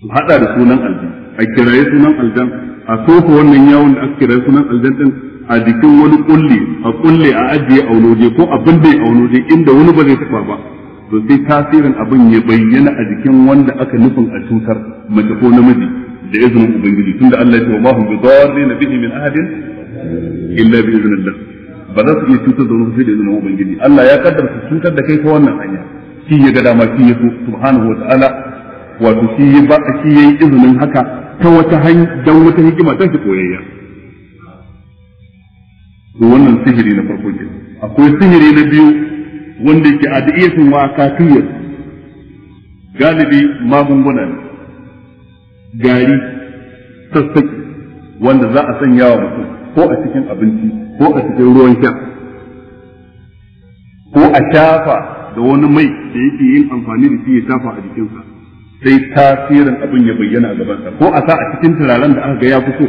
su hada da sunan aljan a kiraye sunan aljan a sofa wannan yawon da aka kiraye sunan aljan din a jikin wani kulle a kulle a ajiye auloje ko abin da ya auloje inda wani ba zai taba ba to sai tasirin abin ya bayyana a jikin wanda aka nufin a cutar mace ko namiji da izinin ubangiji tunda Allah ya ce wa ma hum bi na bihi min ahadin illa bi idhnillah ba za su iya cutar da wani sai da izinin ubangiji Allah ya kaddar su cutar da kai ta wannan hanya shi ya ga dama shi ya so subhanahu wa ta'ala wato shi ya ba shi yi izinin haka ta wata hanya dan wata hikima ta shi koyayya to wannan sihiri na farko ke akwai sihiri na biyu wanda yake adiyatun wa kafiyar galibi magunguna ne gari sassaki wanda za a sanya wa mutum ko a cikin abinci ko a cikin ruwan sha ko a shafa da wani mai da yake yin amfani da shi ya shafa a jikinsa sai tasirin abin ya bayyana a gabansa ko a sa a cikin turaren da aka ga ya fi so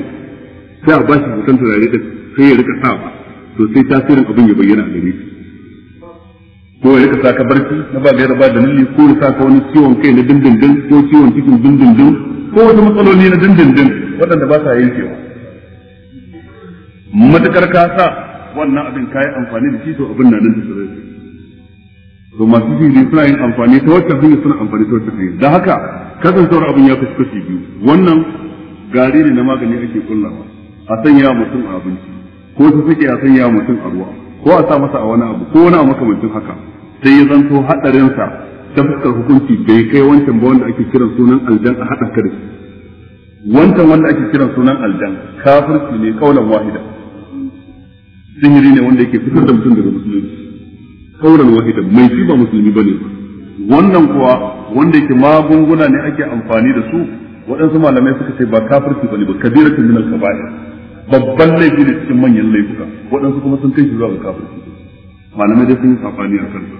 sai a bashi hoton turare da sai ya rika sa to sai tasirin abin ya bayyana a gare shi ko ya rika sa ka barci na ba gaira ba nuni ko ya sa ka wani ciwon kai na dindindin ko ciwon cikin dindindin ko wata matsaloli na dindindin waɗanda ba sa yankewa matukar ka sa wannan abin ka yi amfani da shi to abin na nan da rai to masu sihiri suna yin amfani ta wacce hanyar suna amfani ta wacce hanyar da haka kasancewar abin ya kashi kashi biyu wannan gari ne na magani ake kullawa a sanya mutum a abinci ko su suke a sanya mutum a ruwa ko a sa masa a wani abu ko wani abu makamancin haka sai ya zanto hadarinsa ta fuskar hukunci bai kai wancan ba wanda ake kiran sunan aljan a haɗa kare wancan wanda ake kiran sunan aljan kafirci ne kaulan wahida sihiri ne wanda yake fitar da mutum daga musulunci kauran wahida mai shi ba musulmi bane wannan kuwa wanda yake magunguna ne ake amfani da su waɗansu malamai suka ce ba kafirci bane ba kabiratun min al-kaba'ir babban laifi ne cikin manyan laifuka waɗansu kuma sun kai shi zuwa ga kafirci malamai dai sun yi sabani a kansa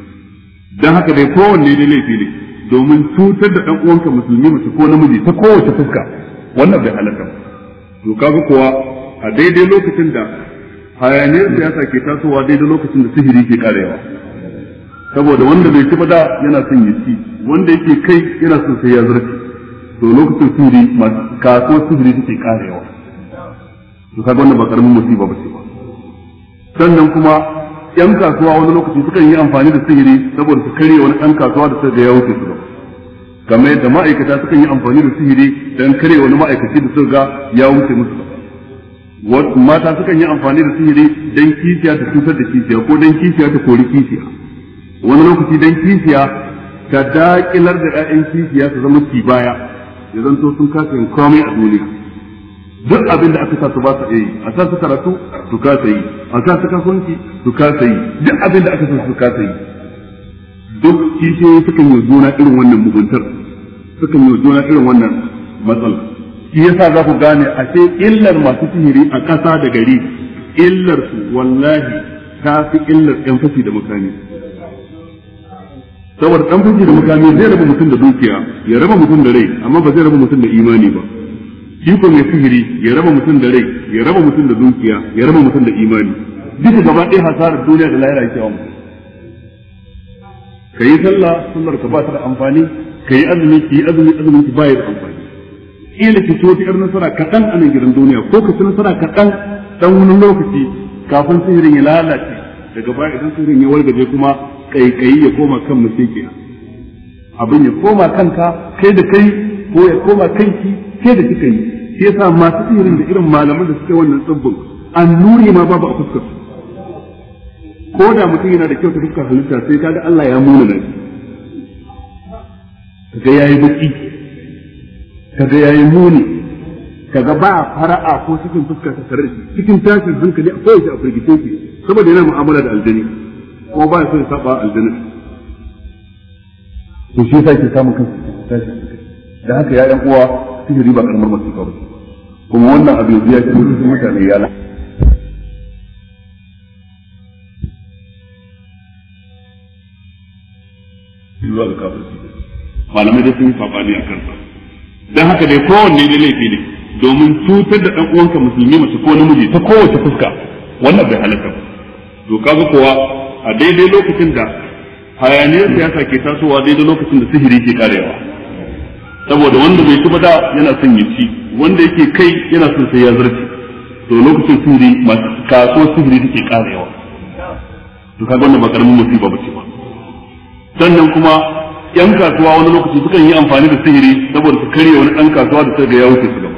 dan haka dai kowanne ne laifi ne domin cutar da ɗan uwanka musulmi mace ko namiji ta kowace fuska wannan bai halaka to kaga kuwa a daidai lokacin da hayaniyar siyasa ke tasowa daidai lokacin da sihiri ke karewa saboda wanda bai ci ba da yana son ya ci wanda yake kai yana son sai ya zarfi to lokacin sihiri masu kaso sihiri take karewa to kaga wannan ba karamin musiba ba ce ba sannan kuma yan kasuwa wani lokaci sukan yi amfani da sihiri saboda su karya wani ɗan kasuwa da da ya wuce su ba kamar yadda ma'aikata sukan yi amfani da sihiri don karya wani ma'aikaci da suka ga ya wuce musu ba mata sukan yi amfani da sihiri dan kishiya ta cutar da kishiya ko dan kishiya ta kori kishiya wani lokaci dan kishiya ta daƙilar da 'ya'yan kishiya su zama baya ya zanto sun kasa yin komai a duniya duk abin da aka sa su ba su yi a sa su karatu su kasa yi a sa su kasuwanci su kasa yi duk abin da aka sa su kasa yi duk kishiyoyi sukan yi juna irin wannan muguntar sukan yi juna irin wannan matsala shi yasa za ku gane a ce illar masu sihiri a ƙasa da gari illar su wallahi ta fi illar ɗan fashi da mutane. saboda ɗan fashi da mutane zai raba mutum da dukiya ya raba mutum da rai amma ba zai raba mutum da imani ba shi ko mai sihiri ya raba mutum da rai ya raba mutum da dukiya ya raba mutum da imani Duk gaba ɗaya hasarar duniya da lahira yake wa ka yi sallah sallar ka ba ta da amfani ka yi azumi ki yi azumi ki ba ya da amfani kila ka ci wata irin nasara kaɗan a nan gidan duniya ko ka ci nasara kaɗan ɗan wani lokaci kafin sihirin ya lalace daga baya idan sihirin ya wargaje kuma ƙaiƙayi ya koma kan musikiya abin ya koma kanka kai da kai ko ya koma kanki kai da kika yi shi yasa masu sihirin da irin malaman da suke wannan tsibbin annuri ma babu a fuskar ko da mutum yana da kyau ta fuskar halitta sai kaga Allah ya muna nan ga yayi baki kaga yayi muni kaga ba fara'a ko cikin fuska ta sarar shi cikin tashin hankali akwai shi a firgice shi saboda yana mu'amala da aljani ko ba so ya saba aljani to shi yasa ke samun kansa cikin tashin hankali da haka ya yan uwa sihiri ba karamar masifa ba kuma wannan abu yanzu ya ce mutane ya lafiya zuwa ga kafirci malamai da sun yi sabani a kansa dan haka dai kowanne ne laifi ne domin cutar da dan uwanka musulmi mace ko namiji ta kowace fuska wannan bai halatta ba to kaga kowa a daidai lokacin da hayaniyar siyasa ke tasowa daidai lokacin da sihiri ke karewa saboda wanda bai tuba da yana son ya ci wanda yake kai yana son sai ya zarci to lokacin sihiri masu kaso sihiri take karewa to kaga wannan ba karamin musiba ce ba sannan kuma yan kasuwa wani lokaci sukan yi amfani da sihiri saboda su karya wani dan kasuwa da suka ya wuce su gaba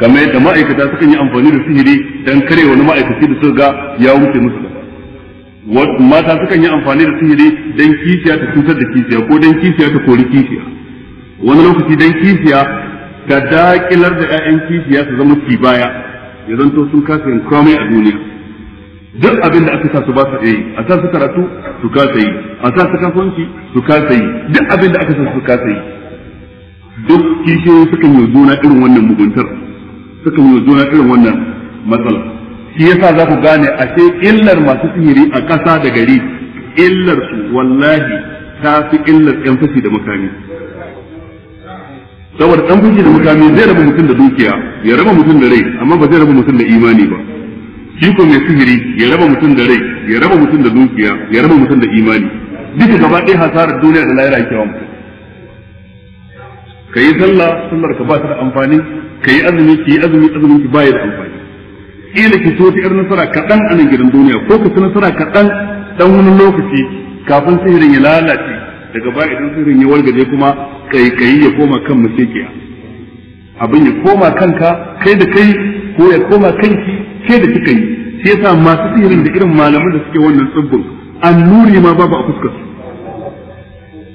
kamar yadda ma'aikata sukan yi amfani da sihiri dan karya wani ma'aikaci da suka ya wuce musu gaba mata sukan yi amfani da sihiri dan kishiya ta cutar da kishiya ko dan kishiya ta kori kishiya wani lokaci dan kishiya ta dakilar da 'ya'yan kishiya su zama kibaya ya zanto sun kasa yin komai a duniya duk abin da aka sa su ba su yi a sa su karatu su kasa yi a sa su kasuwanci su kasa yi duk abin da aka sa su kasa yi duk kishiyoyi sukan yi juna irin wannan muguntar sukan yi juna irin wannan matsala shi yasa za ku gane a sai illar masu sihiri a ƙasa da gari illar su wallahi ta fi illar yan fashi da mutane. saboda ɗan fushi da mutane zai raba mutum da dukiya ya raba mutum da rai amma ba zai raba mutum da imani ba Kiko mai sihiri ya raba mutum da rai ya raba mutum da dukiya ya raba mutum da imani duka gaba ɗaya hasarar duniya da lahira kewa mutum ka yi sallah sallar ka ba ta da amfani ka yi azumi ki yi azumi azumin ki baya da amfani kila ki so ta yar nasara kaɗan a nan gidan duniya ko ka ci nasara kaɗan ɗan wani lokaci kafin sihirin ya lalace daga baya idan sihirin ya wargaje kuma kai ya koma kan musikiya abin ya koma kanka kai da kai ko ya koma kanki ce da kika yi sai yasa masu sihirin da irin malaman da suke wannan tsibbin annuri ma babu a fuskar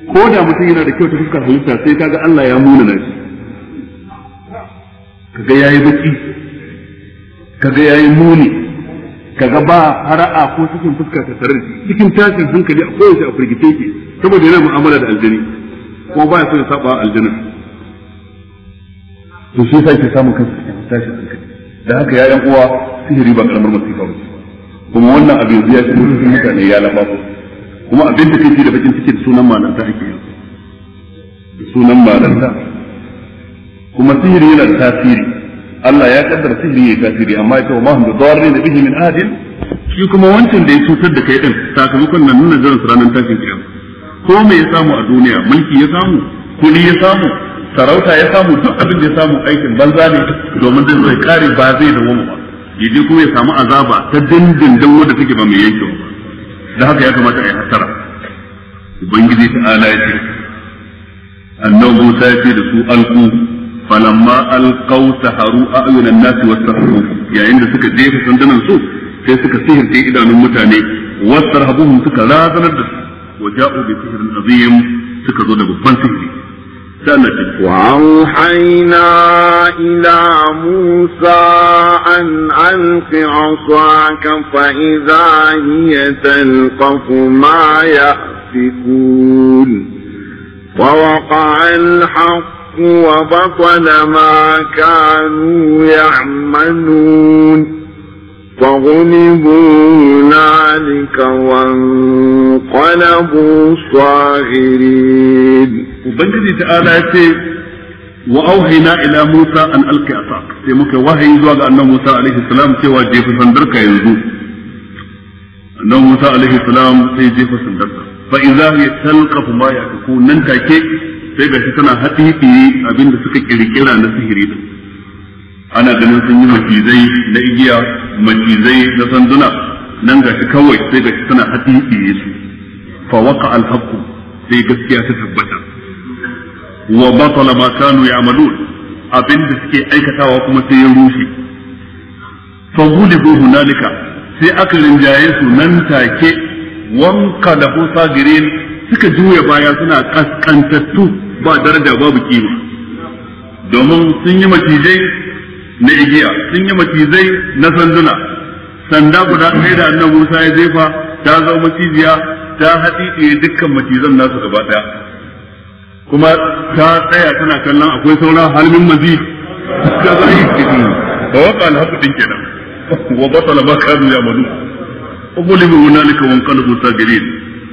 ko da mutum yana da kyau ta fuskar halitta sai kaga Allah ya nuna na kaga yayi baki kaga yayi muni kaga ba a ko cikin fuskar ta tare cikin tashin hankali a kowace a firgice ke saboda yana mu'amala da aljani ko ba ya so ya saba aljini to shi sai ke samun kansa cikin tashin hankali da haka yayan uwa sihiri ba kalmar masifa ba kuma wannan abin ya ci mutum mutane ya lafa kuma abin da kake da bakin ciki da sunan malanta ake yanzu da sunan malanta kuma sihiri yana da tasiri Allah ya kaddara sihiri ya tasiri amma ya ce wa ma hum da bihi min ahadin shi kuma wancan da ya cutar da kai din sakamakon nan nuna jiran ranar tashin kiyama ko me ya samu a duniya mulki ya samu kuɗi ya samu sarauta ya samu duk abin da ya samu aikin banza ne domin zai kare ba zai dawo ba yaje kuma ya samu azaba ta dindindin wanda take ba mai yanke ba da haka ya kamata a yi hasara ubangiji ta ala ya ce annabi Musa ce da su alku falamma alqaw saharu a'yun an-nas wasahru yayin da suka jefa sandanan su sai suka sihirce idanun mutane wasarhabuhum suka razanar da su waja'u bi sihrin azim suka zo da babban sihiri وأوحينا إلى موسى أن ألق عصاك فإذا هي تلقف ما يأفكون ووقع الحق وبطل ما كانوا يعملون فغلبوا هنالك وانقلبوا صاغرين ubangiji ta'ala ya ce wa auhayna ila musa an alqi asaq sai muka wahayi zuwa ga annabi musa alaihi salam cewa jefa sandarka yanzu annabi musa alaihi salam sai jefa sandarka fa idza hiya talqafu ma yaku nan take sai gashi tana haɗiɗi abinda suka kirkira na sihiri din ana ganin sun yi macizai na igiya macizai na sanduna nan gashi kawai sai gashi tana haɗiɗi su fa waqa al sai gaskiya ta tabbata wa batala ma kanu ya'malun abinda suke aikatawa kuma sai ya rushe fa bi hunalika sai aka rinjaye su nan take wanka da sagirin suka juya baya suna kaskantattu ba daraja babu kima domin sun yi macizai na igiya sun yi macizai na sanduna sanda guda ɗaya da annabi Musa ya jefa ta zama maciziya ta haɗi dukkan macizan nasu gaba ɗaya kuma ta tsaya tana kallon akwai sauran halin mazi ta zai yi su ba waka alhaku din kenan wa ba ta labar kan ya madu ugu limi wuna ne kawon kalu ko sagiri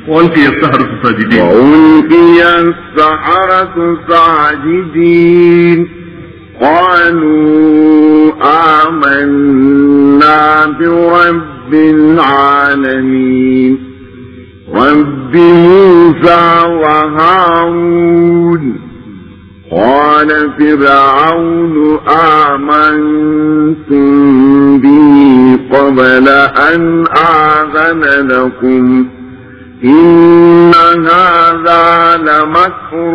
wanke ya sahar su sajidi wa wanke ya sahar su sajidi qalu amanna bi rabbil alamin رب موسى وهارون قال فرعون آمنتم به قبل أن آذن لكم إن هذا لمكر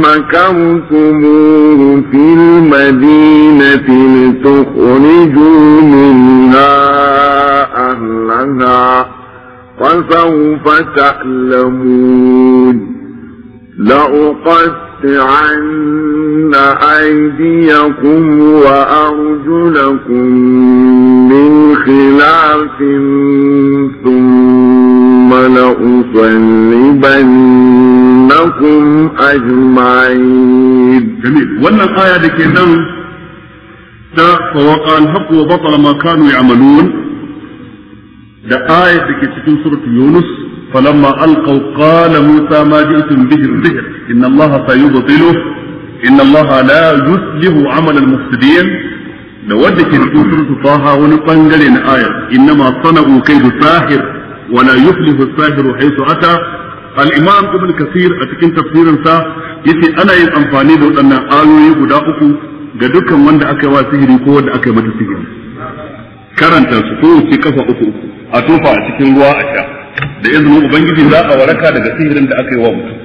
مكرتموه في المدينة لتخرجوا منها فسوف تعلمون لأقطعن أيديكم وأرجلكم من خلاف ثم لأصلبنكم أجمعين جميل وانا آية لكي نم تفوق الحق وبطل ما كانوا يعملون da ayat da ke cikin suratu yunus falamma alqaw qala musa ma ji'tum bihi dhihr inna allaha sayubtilu inna allaha la yuslihu amal al mufsidin da wanda ke cikin suratu taha wani bangare na ayar inna ma sana'u kaydu sahir wa la yuflihu as-sahiru haythu ata al-imam ibn kathir a cikin sa yace ana yin amfani da waɗannan ayoyi guda uku ga dukkan wanda aka yi wa sihiri ko wanda aka yi mata sihiri karanta su ko wuce kafa uku uku a tofa a cikin ruwa a sha da izinin ubangiji za a waraka daga sihirin da aka yi wa mutum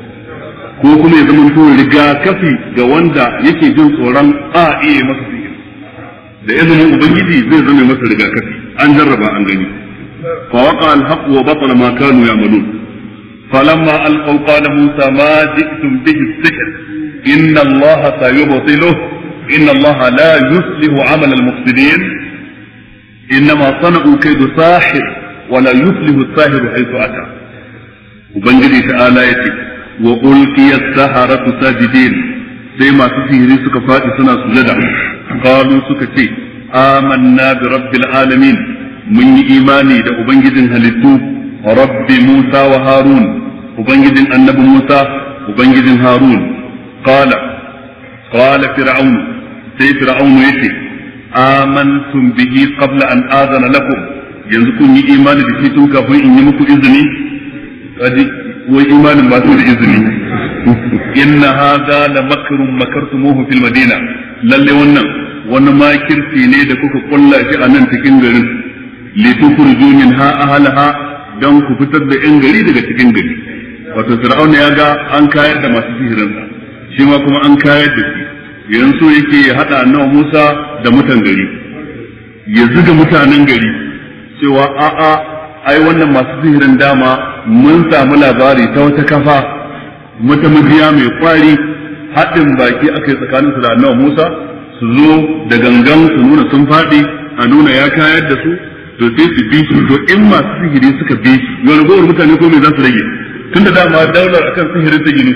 ko kuma ya zama to kafi ga wanda yake jin tsoron a iya masa sihiri da izinin ubangiji zai zama masa riga kafi an jarraba an gani fa waqa al-haqq wa batala ma kanu ya'malun فلما ألقوا قال موسى ما جئتم به Inna Allaha الله سيبطله إن الله لا يصلح عمل المفسدين إنما صنعوا كيد ساحر wala yuflihu as-sahiru ata ubangiji ta'ala yace wa ulqiya as-saharatu sai masu sihiri suka faɗi suna sujada Kalu suka ce amanna bi rabbil alamin mun yi imani da ubangijin halittu rabbi musa wa harun ubangijin annabi musa ubangijin harun qala qala fir'aun sai fir'aun yace amantum bihi qabla an adana lakum yanzu kun yi imani da shi tun kafin in yi muku izini kaji wai imanin ba su da izini inna hadha la makrun makartumuhu fil madina lalle wannan wani makirci ne da kuka kulla shi a nan cikin garin li tukhruju minha ahlaha dan ku fitar da yan gari daga cikin gari wato fir'auna ya ga an kayar da masu sihirin shi ma kuma an kayar da shi yanzu yake ya hada annabi Musa da mutan gari ya zuga mutanen gari cewa a'a ai wannan masu sihirin dama mun samu labari ta wata kafa mata mabiya mai kwari haɗin baki aka yi tsakanin su da annabi Musa su zo da gangan su nuna sun faɗi a nuna ya kayar da su to sai su bi su to in masu sihiri suka bi shi yau gowar mutane ko me za su rage tun da dama daular akan sihirin ta gini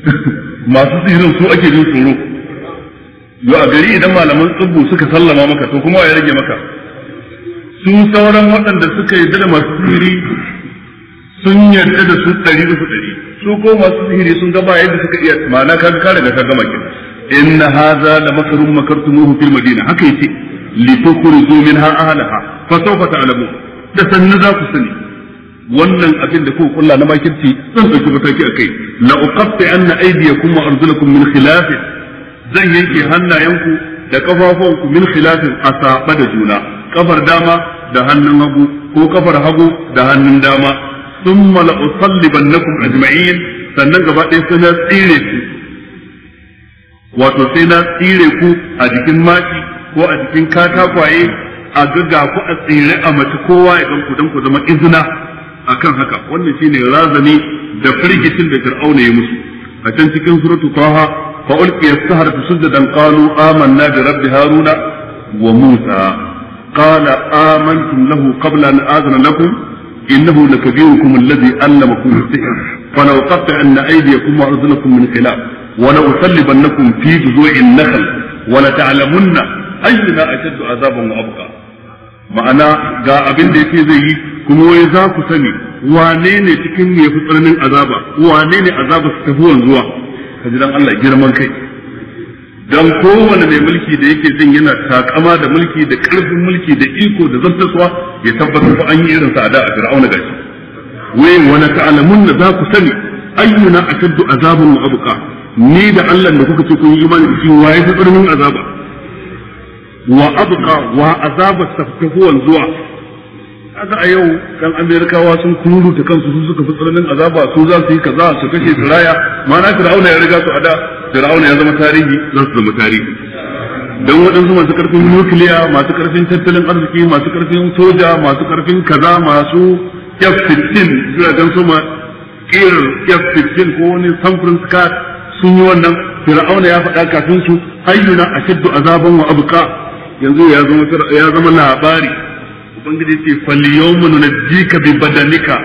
masu sihirin su ake jin tsoro yau a gari idan malaman tsibbu suka sallama maka to kuma ya rage maka sun sauran waɗanda suka yi da masu sihiri sun yarda da su ɗari uku ɗari su ko masu sihiri sun gaba yadda suka iya ma'ana ka ka daga ka gama kin inna hadha la makrun makartumuhu fil madina haka yace li tukhrizu minha ahlaha fa sawfa ta'lamu da sannu za ku sani wannan abin da kuka kulla na makirci zan ɗauki mataki akai la uqatti anna aydiyakum wa arjulakum min khilaf zan yanke hannayenku da ku min khilafin a saba da juna kafar dama da hannun hagu ko kafar hagu da hannun dama thumma la usallibannakum ajma'in sannan gaba ɗaya sai na tsire ku wato sai na tsire ku a jikin maki ko a jikin katakwaye a ga ku a tsire a mace kowa ya ku dan ku zama izina akan haka wannan shine razani da firgitin da fir'auna ya musu a can cikin suratu taha fa ulqiya as-sahratu sujadan qalu amanna bi rabbi haruna wa musa qala amantum lahu qabla an a'zana lakum innahu lakabirukum alladhi allamakum as-sihr falaw qatta'anna aydiyakum wa arjulakum min khilaf wa la usallibannakum fi azaban ma'ana ga abin da yake zai yi kuma wai za ku sani wane ne cikin ne ya fi tsananin azaba wane ne azaba su tafi wanzuwa ka ji dan Allah girman kai dan kowane mai mulki da yake jin yana takama da mulki da karfin mulki da iko da zartaswa ya tabbatar ko an yi irin sa da a fir'auna gashi wai wa na ta'lamun za ku sani ayyuna ashaddu azabun abqa ni da Allah da kuka ce kun yi imani shi waye fi tsananin azaba wa abqa wa tafkuwan zuwa kaga a yau kan amerikawa sun kururuta kansu su suka fi tsananin azaba su za su yi kaza su kashe firaya ma'ana fir'auna ya riga su ada fir'auna ya zama tarihi za su zama tarihi dan waɗansu masu karfin nukiliya masu karfin tattalin arziki masu karfin soja masu karfin kaza masu f-15 don suma kirar f-15 ko wani samfurin skat sun yi wannan fir'auna ya faɗa kafin su hayyuna shiddu azaban wa abuka yanzu ya zama labari ubangiji ce falyawma yawma nunajjika bi badanika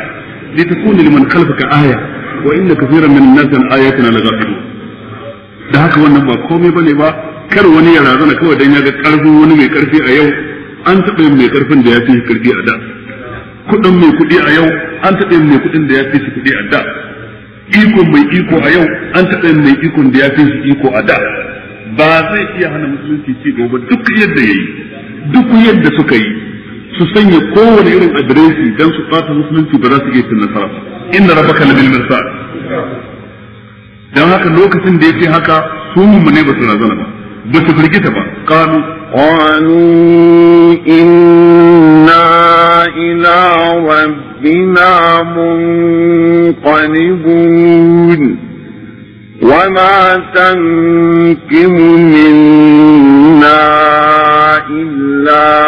takuna liman khalfaka aya wa inna kaseeran min an-nas an ayatina laghafilun da haka wannan ba komai bane ba kar wani ya razana kawai dan ya ga karfin wani mai karfi a yau an taɓa yin mai karfin da ya fi karfi a da kuɗin mai kuɗi a yau an taɓa yin mai kuɗin da ya fi kuɗi a da ikon mai iko a yau an taɓa yin mai ikon da ya fi shi iko a da ba zai iya hana musulunci ci gaba duk yadda ya yi duk yadda suka yi su sanya kowane irin adireshi don su fata musulunci ba za su iya cin nasara inda rabaka na mirsa don dan haka lokacin da ya ce haka su ne ba su razana ba ba su firgita ba kanu Kwanu inna ila rabbina munqalibun وما تنكم منا إلا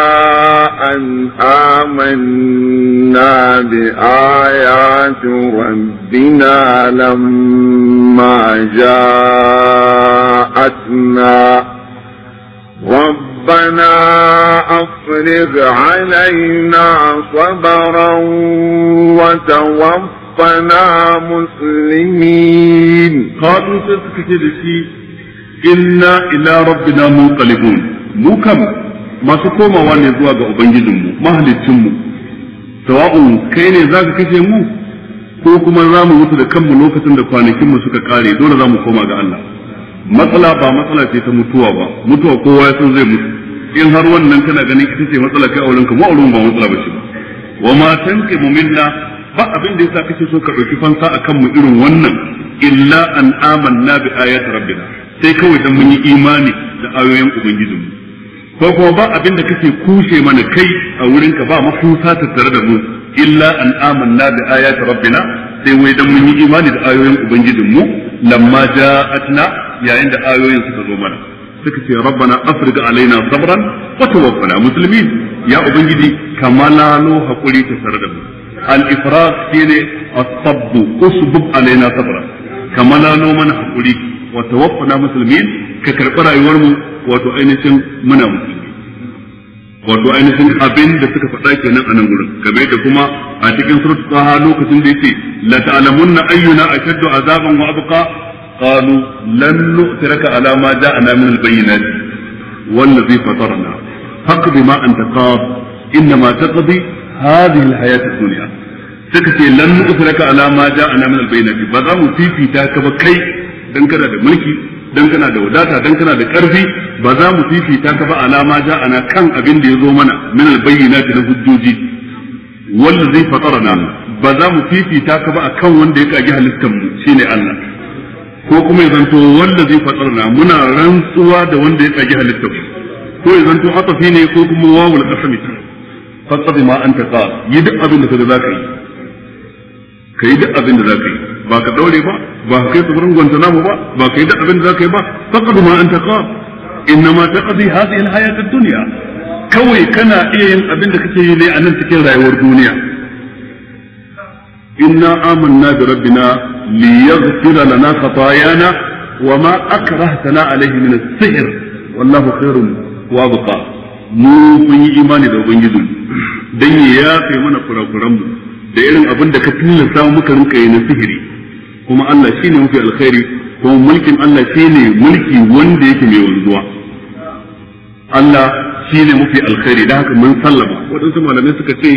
أن آمنا بآيات ربنا لما جاءتنا ربنا أفرغ علينا صبرا وتوفر ربنا مسلمين قالوا تسكت لشي إنا إلى ربنا منقلبون مكم ما masu komawa ne zuwa ga ubangijinmu mahalicinmu sawa'un kai ne za kashe mu ko kuma za mu mutu da kanmu lokacin da kwanakin mu suka kare dole za mu koma ga Allah matsala ba matsala ce ta mutuwa ba mutuwa kowa ya san zai mutu in har wannan kana ganin ita ce matsala kai aurenka mu auren ba matsala bace ba wa ma tanqimu minna ba abin da yasa kake so ka dauki fansa akan mu irin wannan illa an amanna bi ayati rabbina sai kawai dan mun yi imani da ayoyin ubangijinmu ko kuma ba abin da kake kushe mana kai a wurin ka ba mafusa tare da mu illa an amanna bi ayati rabbina sai wai dan mun yi imani da ayoyin mu lamma ja'atna yayin da ayoyin suka zo mana suka ce rabbana afrig alaina sabran wa tawaffana muslimin ya ubangiji kamalalo hakuri ta tare da mu al-ifraq shine as-sabb usbub alaina sabra kama na noman hakuri wa tawaffana muslimin ka karɓi rayuwar mu wato ainihin muna musulmi wato ainihin abin da suka faɗa kenan a nan gurin game da kuma a cikin suratul taha lokacin da yake la ta'lamunna ayyuna ashaddu azaban wa abqa qalu lan nu'tiraka ala ma ja'ana min al-bayyinat wal ladhi fatarna faqdi ma anta qad innama taqdi hadhihi alhayat ad-dunya suka ce lan nusraka ala ma ja'ana min albayinati ba za mu fifita ka kai dan kana da mulki dan kana da wadata dan kana da karfi ba za mu fifita ka ba ala ma kan abin da ya zo mana min albayinati na hujjoji wanda zai ba za mu fifita ka wanda Allah ko kuma ya zanto wanda zai muna rantsuwa da wanda ya kage halittar ko ya zanto hatafi ne ko kuma wawul qasami fattabi ma anta qal yi duk abin da kaga zaka yi kai duk abin da zaka yi ba ka daure ba ba ka kai tsibirin guantanamo ba ba kai duk abin da zaka yi ba fattabi ma anta qal innama taqdi hadhihi alhayat ad-dunya kawai kana iya yin abin da kake yi ne a nan cikin rayuwar duniya inna amanna bi rabbina liyaghfira lana khatayana wama akrahtana alayhi min as-sihr wallahu khairun wa abqa mu kun yi imani da ubangiji dan ya yafe mana kurakuran mu da irin abin da ka tilasta muka rinka yi na sihiri kuma Allah shine mafi alkhairi kuma mulkin Allah ne mulki wanda yake mai wanzuwa Allah shi ne mafi alkhairi da haka mun sallama waɗansu malamai suka ce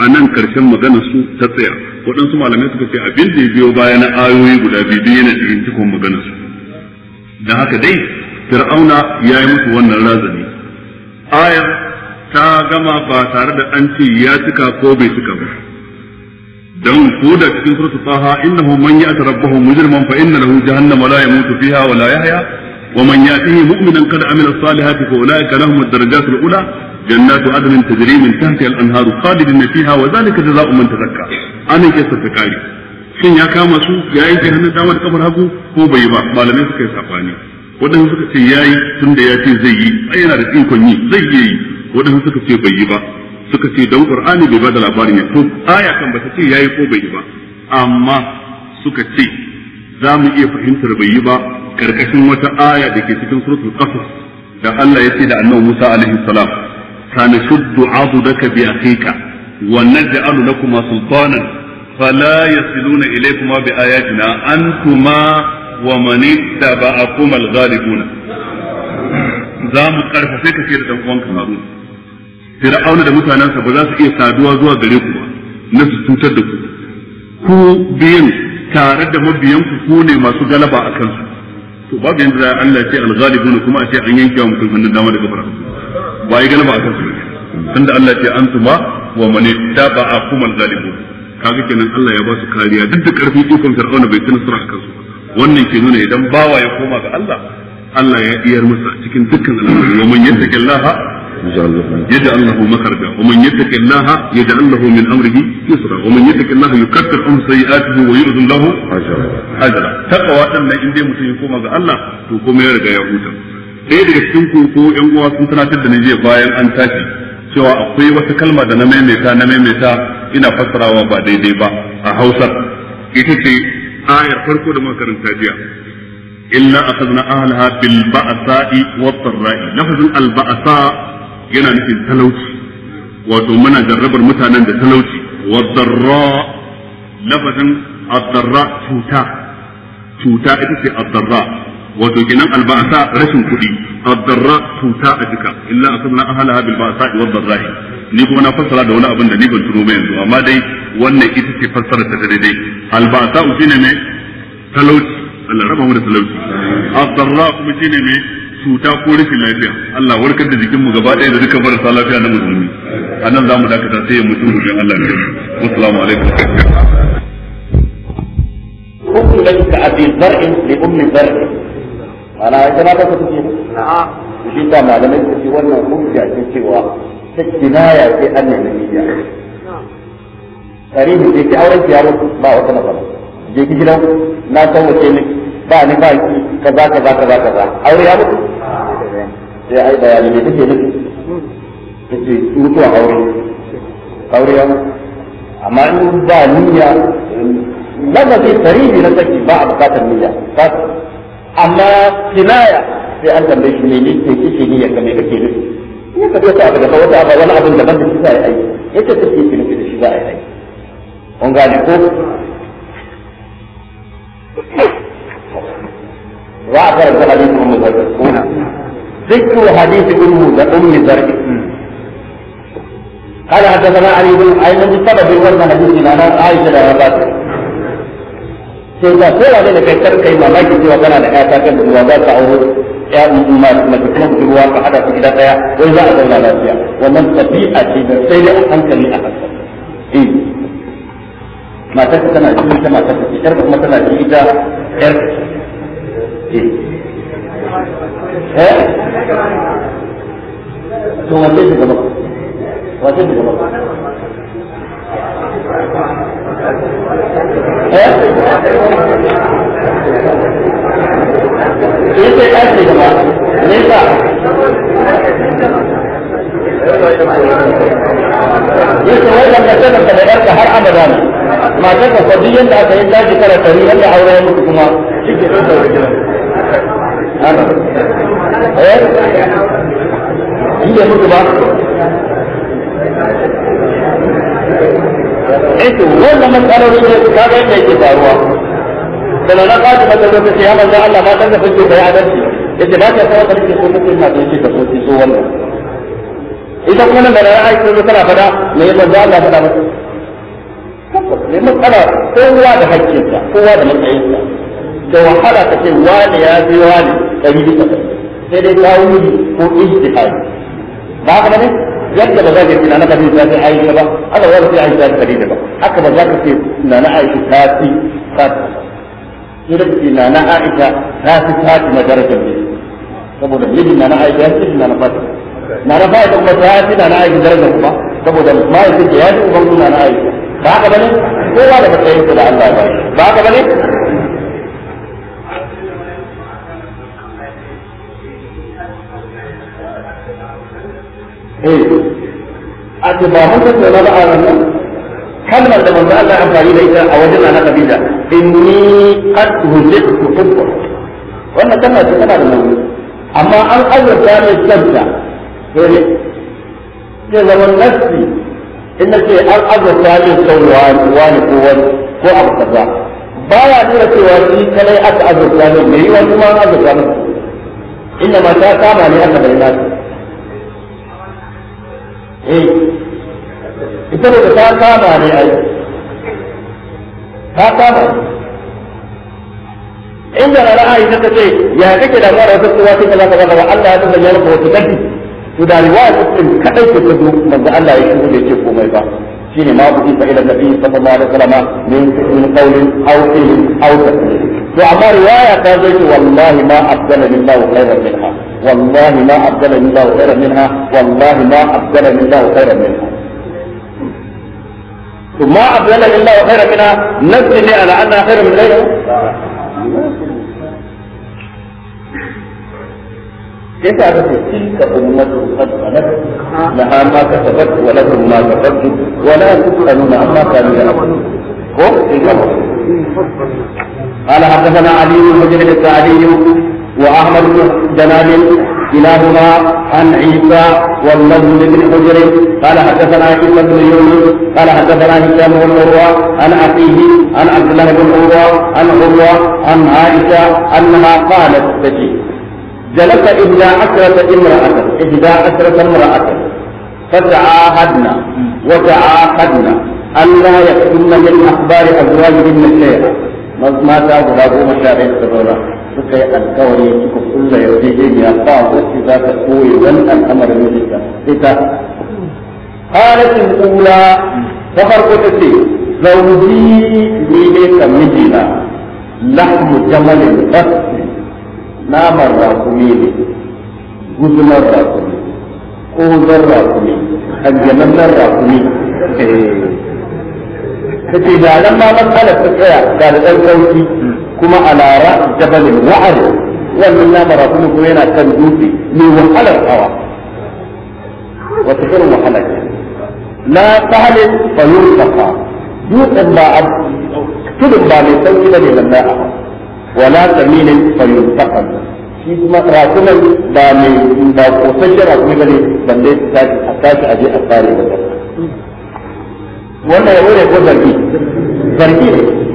a nan ƙarshen maganar su ta tsaya waɗansu malamai suka ce abin da ya biyo baya na ayoyi guda biyu duk yana cikin cikon maganar su da haka dai fir'auna ya yi musu wannan razani ayar ta gama ba tare da an ce ya cika ko bai cika ba don ko da cikin suratul taha innahu man ya'ti rabbahu mujriman fa inna lahu jahannama la yamutu fiha wa la yahya wa man ya'tihi mu'minan qad amila salihati fa ulaika lahum ad-darajatul ula jannatu adnin tajri min tahtiha al-anharu khalidin fiha wa dhalika jazaa'u man tazakka anan ke ta kare shin ya kama su ya yanke hannun dama da kafar hagu ko bai ba malamai suka yi sabani wadanda suka ce yayi tunda ya ce zai yi ai yana da ikon yi zai iya yi waɗansu suka ce bai yi ba suka ce don qur'ani bai ba da labarin ya to aya kan ba ta ce yayi ko bai yi ba amma suka ce za mu iya fahimtar bai yi ba karkashin wata aya da ke cikin suratul qasas da Allah ya ce da annabi Musa alaihi salam sanashuddu adudaka bi akhika wa naj'alu lakuma sultanan fala yasiluna ilaykuma bi ayatina antuma wa man ittaba'akum al-ghalibuna za mu karfafe ka ce da dan uwanka Harun fir'auna da mutanensa ba za su iya saduwa zuwa gare ku ba na su cutar da ku ku biyan tare da mabiyan ku ko ne masu galaba a kansu to babu yanda za Allah ce al-ghalibun kuma a ce an yanke wa mutum hannun dama daga fara ba yi galaba a kansu tunda Allah ce antuma wa man ittaba'akum al-ghalibun kaga kenan Allah ya ba su kariya duk da karfi ikon fir'auna bai tuna sura a kansu wannan ke nuna idan bawa ya koma ga Allah Allah ya iyar masa cikin dukkan al'amari wa man yattaqillaha يجعل له مخرجا ومن يتق الله يجعل له من امره يسرا mutum ya koma ga Allah to kuma ya riga ya huta daga cikin ku ko uwa sun tunatar da ni bayan an tashi cewa akwai wata kalma da na maimaita na maimaita ina fassarawa ba daidai ba a Hausa ita ce ayar farko da makaranta jiya إلا أخذنا أهلها بالبأساء والضراء لفظ البأساء yana nufin talauci wato muna jarrabar mutanen da talauci wa darra lafazin ad cuta cuta ita ce ad wato kenan alba'sa rashin kuɗi ad cuta a jika illa na ahalaha bil ba'sa wa ad-darra ni kuma na fassara da wani abin da ni ban tuno ba yanzu amma dai wannan ita ce fassara ta daidai al-ba'sa shine ne talauci Allah raba mu da talauci ad kuma shine ne cuta ko rashin lafiya Allah warkar da jikin mu gaba ɗaya da dukkan marasa lafiya na musulmi a nan za mu dakata sai mu tun da Allah ne assalamu alaikum hukun da ka abi zar'in li ummi zar'in ana ya na ka tuke a'a shi ta malamai ta ce wannan hujja ce cewa ta kinaya ce annabi nabiya tarihi ce ki auren ki yaro ba wata nasara je ki gidan na san wace ne ba ni ba ki kaza kaza kaza kaza aure ya mutu sai ai bayanin me kake nufi kace mutuwa aure aure ya amma in ba niyya lafazi sarihi na saki ba a bukatar niyya amma kinaya sai an tambaye shi ne ne ke kike niyya ka me kake nufi in ka ta abu da wata abu wani abin daban da shi za a yi aiki yace ta ke nufi da shi za a yi aiki kun gane ko za a karanta hadisin mu zarra ذكر حديث أمه لأم زرع قال حدثنا علي بن أيضا بسبب ورد حديث إلى عائشة لها sai ta kowa ne da kai kar kai mamaki cewa kana da ƴata kan ruwa za ka auro ya mace kuma ruwa ka hada su gida daya wai za a zauna lafiya wannan tabi'a ce da sai dai a hankali a hankali eh matar tana ji ita matar ta ce ƴar kuma tana ji ita ƴar eh to wace ce gaba wace ce gaba eh shi ce ɗan ce gaba nesa yake wai da mace da sadararka har abada ne mace ka kwadi yadda aka yi daji kara tari yadda aure ya mutu kuma shi ke da wajen eh in bai mutu ba eto wannan matsalolin da ka ga yadda yake faruwa da na kaji mata lokaci ya manzo Allah ma dan da fito bai adalci yace ba ta tawa kake so kake ma da yake da so ki wannan idan kuma da ra'ayi ko tana fada me manzo Allah fada mata ne matsala kowa da hakkinsa kowa da matsayinsa da wahala ta ce wani ya bi wani ɗari bisa ɗari sai dai tawili ko ijtihad ba haka bane yadda ba za ka ce na Khadija Aisha ba Allah ya rubuta Aisha ta Khadija ba haka ba za ka ce na na Aisha ta fi Fatima sai da ce na na Aisha ta fi Fatima darajar ne saboda mijin na na Aisha ya ce na na Fatima na kuma ta fi na na Aisha darajar kuma saboda mai ya ji uban na na Aisha ba ka bane kowa da matsayin da Allah ya ba ba ka bane Eh. a ce ba mun tattauna ba a wannan kalmar da manzo Allah amfani da ita a wajen na Khadija inni qad hujitu hubba wannan kalmar ce tana da nauyi amma an azurta ne sabta dole eh, zai zama nafsi in ce an azurta ne sauwa wani ko wani ko abu kaza baya nuna cewa shi kalai aka azurta ne me yi wani ma azurta ne inda ta kama ne aka bayyana eh ita ta ne ai ta inda ta ce ya kake da mara wasu kowa cikin zaka zaka Allah ya tsaya maka ta gadi to da riwaya muslim kadai ce ta zo manzo Allah ya shigo da komai ba shine ma bu isa ila nabi sallallahu alaihi wasallam min min qawlin aw qawlin aw وعما رواية قالت والله ما أبدلني الله خيرا منها والله ما أبدلني الله خيرا منها والله ما أبدلني الله خيرا منها ثم أبدلني الله خيرا منها نزلني على أنها خير من غيرها كيف عرفت تلك أمة قد خلت لها ما كسبت ولكم ما كسبتم ولا تسألون عما كانوا يعملون قال حدثنا علي بن حجر السعدي واحمد بن جلال كلاهما عن عيسى والنجم بن حجر قال حدثنا عيسى بن يونس قال حدثنا هشام بن عروه عن اخيه عن عبد الله بن عروه عن عروه عن عائشه انها قالت تجي جلس احدى عشره امراه احدى عشره امراه فتعاهدنا وتعاهدنا ألا يكتمن من أخبار أزواجهن شيئا mata guda goma sha ɗaya suka zaura suka yi alkawari ya suka kulla yarjejeniya ba wacce za ta koyi wani al'amarin mijinta ita halatin kula ta farko ta ce zauji ne ne ka mijina lahmu jamalin basri namar rakumi ne guzumar rakumi ƙozon rakumi hajjanan rakumi eh. kace da nan ma matsala ta tsaya da dan sauki kuma ala ra jabalin wa'ad wannan na mara kuma yana kan dutse ne wahalar hawa wata irin wahalar la fa fayurfaqa dutsen ba a tudun ba mai sauki da ne lalla a wala fa fayurfaqa shi kuma rakunan ba mai ba kosasshen rakumi ba ne balle ta ta aje a tsare da wannan ya wuri ko zargi zargi ne